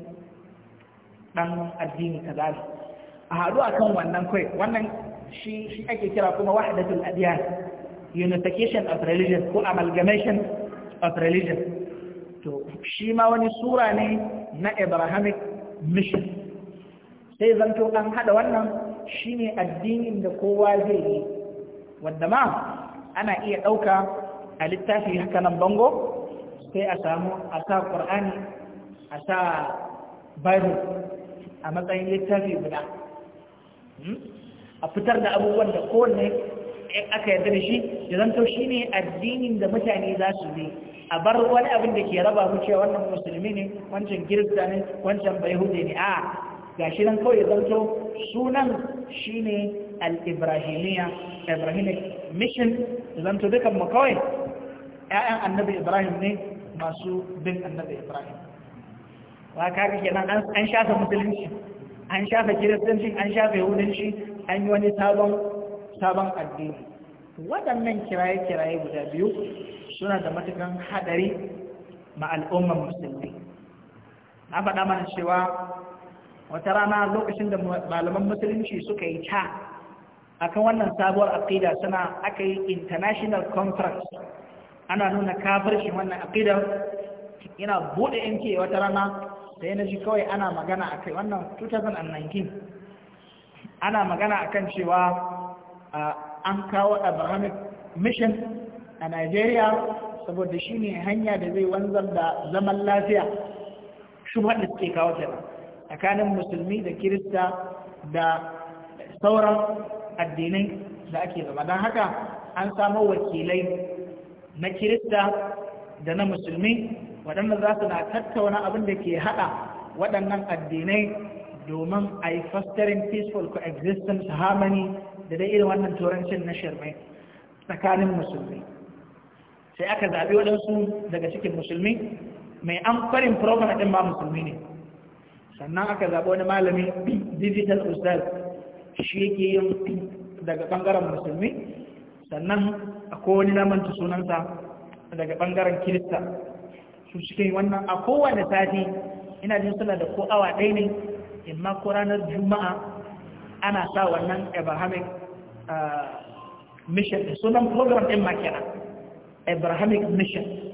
dan addini kaza a hadu akan wannan kai wannan shi shi ake kira kuma wahdatul adiyan unification of religion ko amalgamation of religion to shi ma wani sura ne na abrahamic mission sai zanto an hada wannan shine addinin da kowa zai yi Wadama ma ana iya ɗauka a littafi haka nan bango sai a samu a sa ƙur'ani a sa bible a matsayin littafi guda hmm? a fitar da abubuwan da kowanne aka yarda da shi ya zanto shi ne addinin da mutane za su bi a bar wani abin da ke raba mu cewa wannan musulmi ne wancan girista ne wancan bai hude ne a gashi nan kawai ya zanto sunan shine al-ibrahimiyya ibrahimic mission zanto dukan mu kawai ƴaƴan annabi ibrahim ne masu bin annabi ibrahim wa kaga kenan an shafe musulunci an shafe kiristanci an shafe yahudanci an yi wani sabon sabon addini waɗannan kiraye-kiraye guda biyu suna da matukan haɗari ma al'ummar musulmi na faɗa mana cewa wata rana lokacin da malaman musulunci suka yi ta akan wannan sabuwar aqida suna aka yi international conference ana nuna kafirci wannan aqidar yana bude yanke wata rana da na shi kawai ana magana a kai wannan 2019 ana magana a kan cewa an kawo abrahamic mission a Nigeria saboda shine hanya da zai wanzar da zaman lafiya shi da suke kawo kenan tsakanin musulmi da kirista da sauran addinai da ake zama don haka an samu wakilai na kirista da na musulmi waɗanda za su na tattauna abin da ke haɗa waɗannan addinai domin a yi fostering peaceful coexistence harmony da dai irin wannan turancin na shirme tsakanin musulmi sai aka zaɓi waɗansu daga cikin musulmi mai amfarin program ɗin ba musulmi ne sannan aka zaɓi wani malami digital ustaz shi yake yin daga ɓangaren musulmi sannan akwai wani namanta sunanta daga ɓangaren kirista su cikin wannan a kowane sati ina jin suna da ko awa ɗaya ne imma ko ranar juma'a ana sa wannan abrahamic ah, mission sunan program ɗin ma kenan abrahamic mission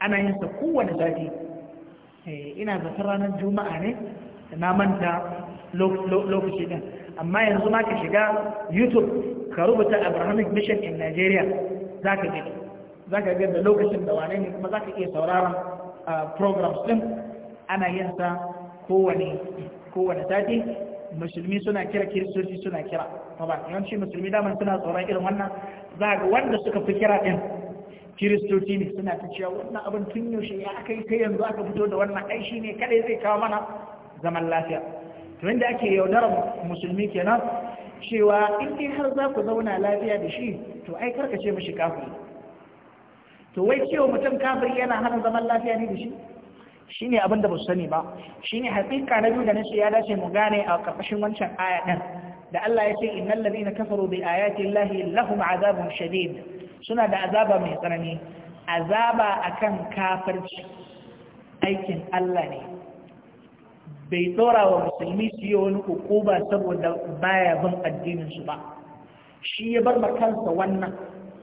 ana yin sa kowane sati Eh, ina zaton ranar juma'a ne na manta lokaci din amma yanzu ma ka shiga youtube ka rubuta abrahamic mission in nigeria za ka gani za ka gani da lokacin da wane ne kuma za ka iya sauraron programs din ana yin sa kowane sati musulmi suna kira kiristoci suna kira yawanci musulmi daman suna tsoron irin wannan za ga wanda suka fi kira din kiristoci ne suna ta cewa wannan abin tun yaushe ya aka yi ta yanzu aka fito da wannan ai shi ne kadai zai kawo mana zaman lafiya to inda ake yaudarar musulmi kenan cewa in dai har za ku zauna lafiya da shi to ai karkace mishi kafiri to wai cewa mutum kafiri yana hana zaman lafiya ne da shi shi ne abin da ba su sani ba shi ne haƙiƙa na biyu da ce ya dace mu gane a ƙarƙashin wancan aya ɗin da Allah ya ce innal ladina kafaru bi ayati llahi lahum azabun shadid suna da azaba mai tsanani azaba akan kafirci aikin Allah ne bai tsora wa musulmi su yi wani hukuba saboda baya bin addininsu ba shi ya bar makansa wannan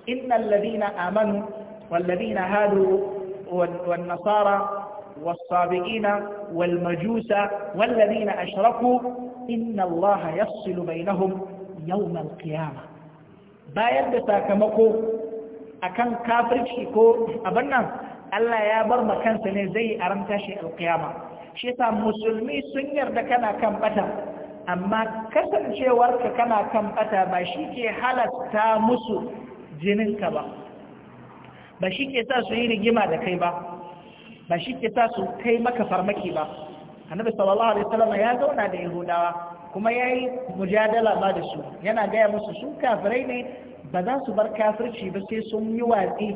innal ladina amanu wal ladina hadu wal nasara والصابئين والمجوس والذين أشركوا إن الله يفصل بينهم يوم القيامة bayar da sakamako akan kafirci ko abin nan Allah ya bar makansa ne zai aramta shi alkiyama shi yasa musulmi sun yarda kana kan bata amma kasancewarka kana kan bata ba shi ke halatta musu jininka ba ba shi ke sa su yi rigima da kai ba ba shi ke sa su kai maka farmaki ba annabi sallallahu alaihi wasallam ya zauna da yahudawa kuma ya yi mujadala ba da su yana gaya musu su kafirai ne ba za su bar kafirci ba sai sun yi watsi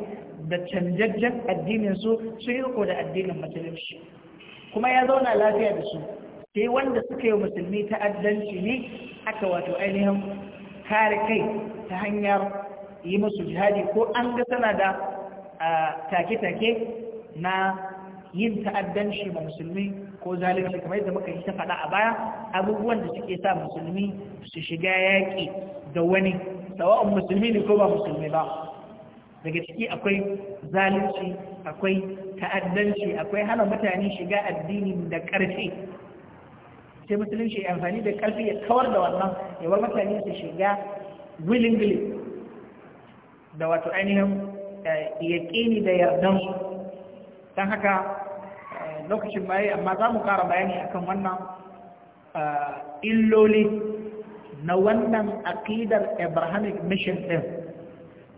da canjajjen addinin su sun yi da addinin musulunci kuma ya zauna lafiya da su sai wanda suka yi musulmi ta'addanci ne aka wato ainihin kare kai ta hanyar yi musu jihadi ko an ga sana da take-take na yin ta'addanci ma musulmi ko zalunci kamar yadda muka yi ta faɗa a baya abubuwan da suke sa musulmi su shiga yaƙi da wani sawa'un musulmi ne ko ba musulmi ba daga ciki akwai zalunci akwai ta'addanci akwai hana mutane shiga addini da ƙarfi sai musulunci ya amfani da ƙarfi ya kawar da wannan ya bar mutane su shiga willingly da wato ainihin eh, yaƙini da yardansu don haka lokacin baya amma za mu ƙara bayani akan wannan illoli na wannan aƙidar abrahamic mission ɗin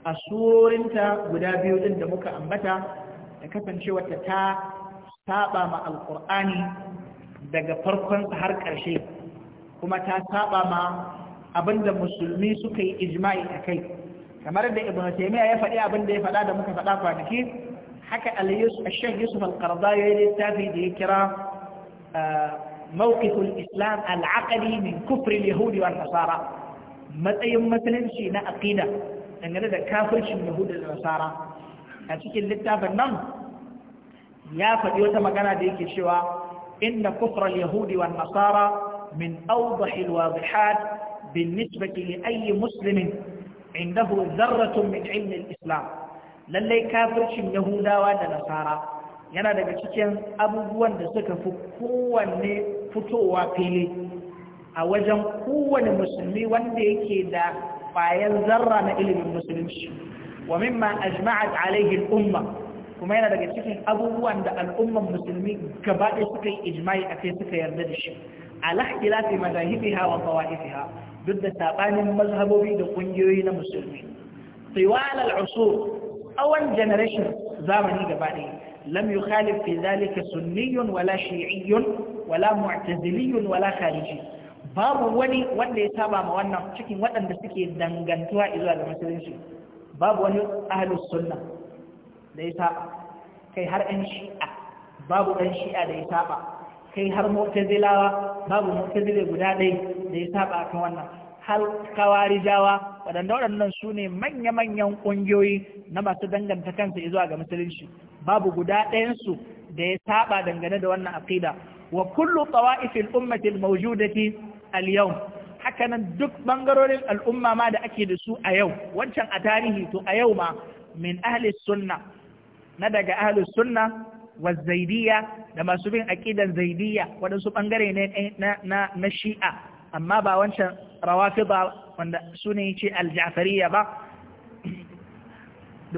a surinta guda biyu ɗin da muka ambata da kasancewarta ta saba ma alƙur'ani daga farkonsa har ƙarshe kuma ta saba ma abinda musulmi suka yi ijma'i a kai kamar da ibn taymiya ya faɗi abinda ya faɗa da muka faɗa kwanaki حكى الشيخ يوسف القرضاوي التافي ذي آه، موقف الإسلام العقلي من كفر اليهود والنصارى متى يمثلن شيناء قيدة أن هذا كافر شيناء اليهود والنصارى أتكي للتافي النم يا فديوة مقانا ذيك الشواء إن كفر اليهود والنصارى من أوضح الواضحات بالنسبة لأي مسلم عنده ذرة من علم الإسلام lallai kafircin yahudawa da nasara yana daga cikin abubuwan da suka fi kowanne fitowa fili a wajen kowane musulmi wanda yake da bayan zarra na ilimin musulunci wa mimma ajma'at alaihi al'umma kuma yana daga cikin abubuwan da al'umman musulmi gaba suka yi ijma'i a kai suka yarda da shi ala ikhtilafi madahibiha wa qawaifiha duk da sabanin mazhabobi da kungiyoyi na musulmi tiwal al'usur tsawon generation zamani gaba ɗaya lam yukhalif fi zalika sunniyun wala shi'iyyun wala mu'taziliyyun wala khariji babu wani wanda ya saba ma wannan cikin waɗanda suke dangantuwa zuwa ga musulunci babu wani ahlus sunna da ya saba kai har ɗan shi'a babu ɗan shi'a da ya saba kai har mu'tazilawa babu mu'tazile guda ɗaya da ya saba akan wannan hal kawarijawa waɗanda waɗannan su ne manya-manyan ƙungiyoyi na masu danganta kansu zuwa ga musulunci babu guda ɗayansu da ya saba dangane da wannan aqida wa kullu tawa'ifil ummati al-mawjudati al-yawm haka nan duk ɓangarorin al'umma ma da ake da su a yau wancan a tarihi to a yau ma min ahli sunna na daga ahli sunna wa zaidiyya da masu bin aƙidan zaidiyya waɗansu bangare ne eh, na na shi'a amma ba wancan ba wanda su ne ce aljafariya ba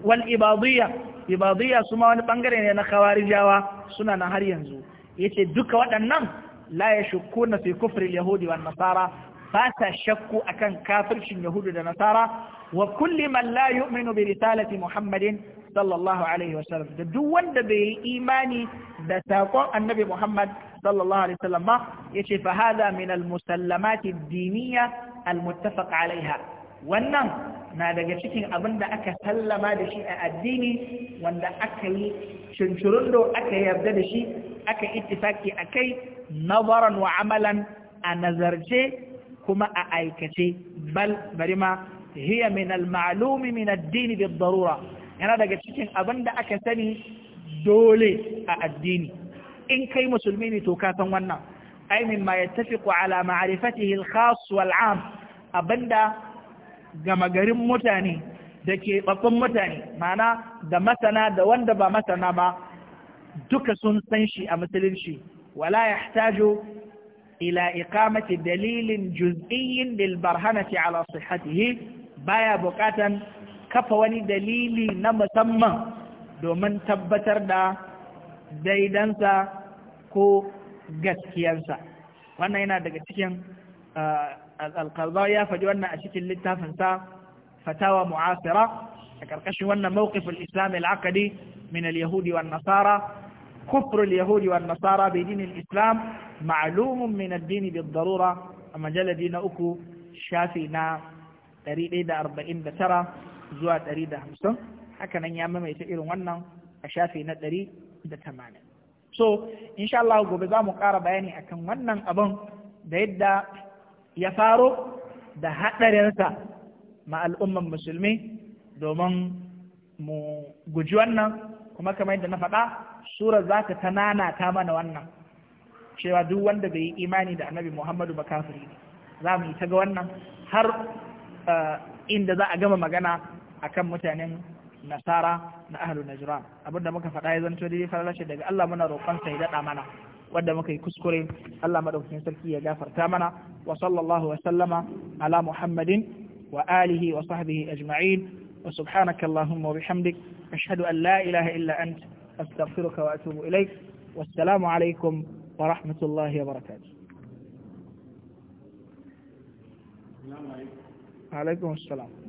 wal ibadiyya ibadiyya su ma wani bangare ne na kawarijawa suna na har yanzu yace duka waɗannan la shuku fi kufri yahudi wa nasara ba sa shakku akan kafircin Yahudi da nasara wa kulli man la yu'minu bi risalati muhammadin sallallahu alaihi sallam da duk wanda bai yi imani da saƙon annabi muhammad sallallahu alaihi wasallam yace fa hada min al musallamati diniya al alaiha wannan na daga cikin abin da aka sallama da shi a addini wanda aka yi shinchurundo aka yarda da shi aka ittifaki akai nazaran wa amalan a nazarce kuma a aikace bal bari ma hiya min al ma'lumi min ad-din bid darura yana daga cikin abin da aka sani dole a addini in kai musulmi ne to ka wannan ai min ma yattafiqu ala ma'rifatihi al-khass wal 'am abinda gama garin mutane da ke babban mutane mana da masana da wanda ba masana ba duka sun san shi a musulunci wala yahtaju ila iqamati dalilin juz'iyyin lil barhanati ala sihhatihi baya bukatan kafa wani dalili na musamman domin tabbatar da daidansa ko gaskiyansa wannan yana daga cikin uh, alkalba ya faɗi wannan a cikin littafinsa fatawa mu'asira a ƙarƙashin wannan mawqifin islami al'akadi min al-yahudi wa nasara kufr yahudi wa nasara bi islam ma'lumun min addini bi darura a majaladi na uku shafi na da da arba'in 149 zuwa ɗari da hamsin hakanan ya mamaita irin wannan a shafi na ɗari. da tamanin so insha Allah gobe za mu ƙara bayani akan wannan abin da yadda ya faro da haɗarinsa ma al'umman musulmi domin mu guji wannan kuma kamar yadda na faɗa sura za ta tanana ta mana wannan cewa duk wanda bai yi imani da annabi muhammadu ba kafiri za mu yi ta ga wannan har eh, inda za a gama magana akan mutanen nasara na ahlu najran abinda muka faɗa ya zanto dai faralashi daga Allah muna roƙon sa ya daɗa mana wanda muka yi kuskure Allah madaukakin sarki ya gafarta mana wa sallallahu wa sallama ala muhammadin wa alihi wa sahbihi ajma'in wa subhanaka allahumma wa bihamdik ashhadu an la ilaha illa ant astaghfiruka wa atubu ilaik wassalamu alaikum wa rahmatullahi wa barakatuh عليكم السلام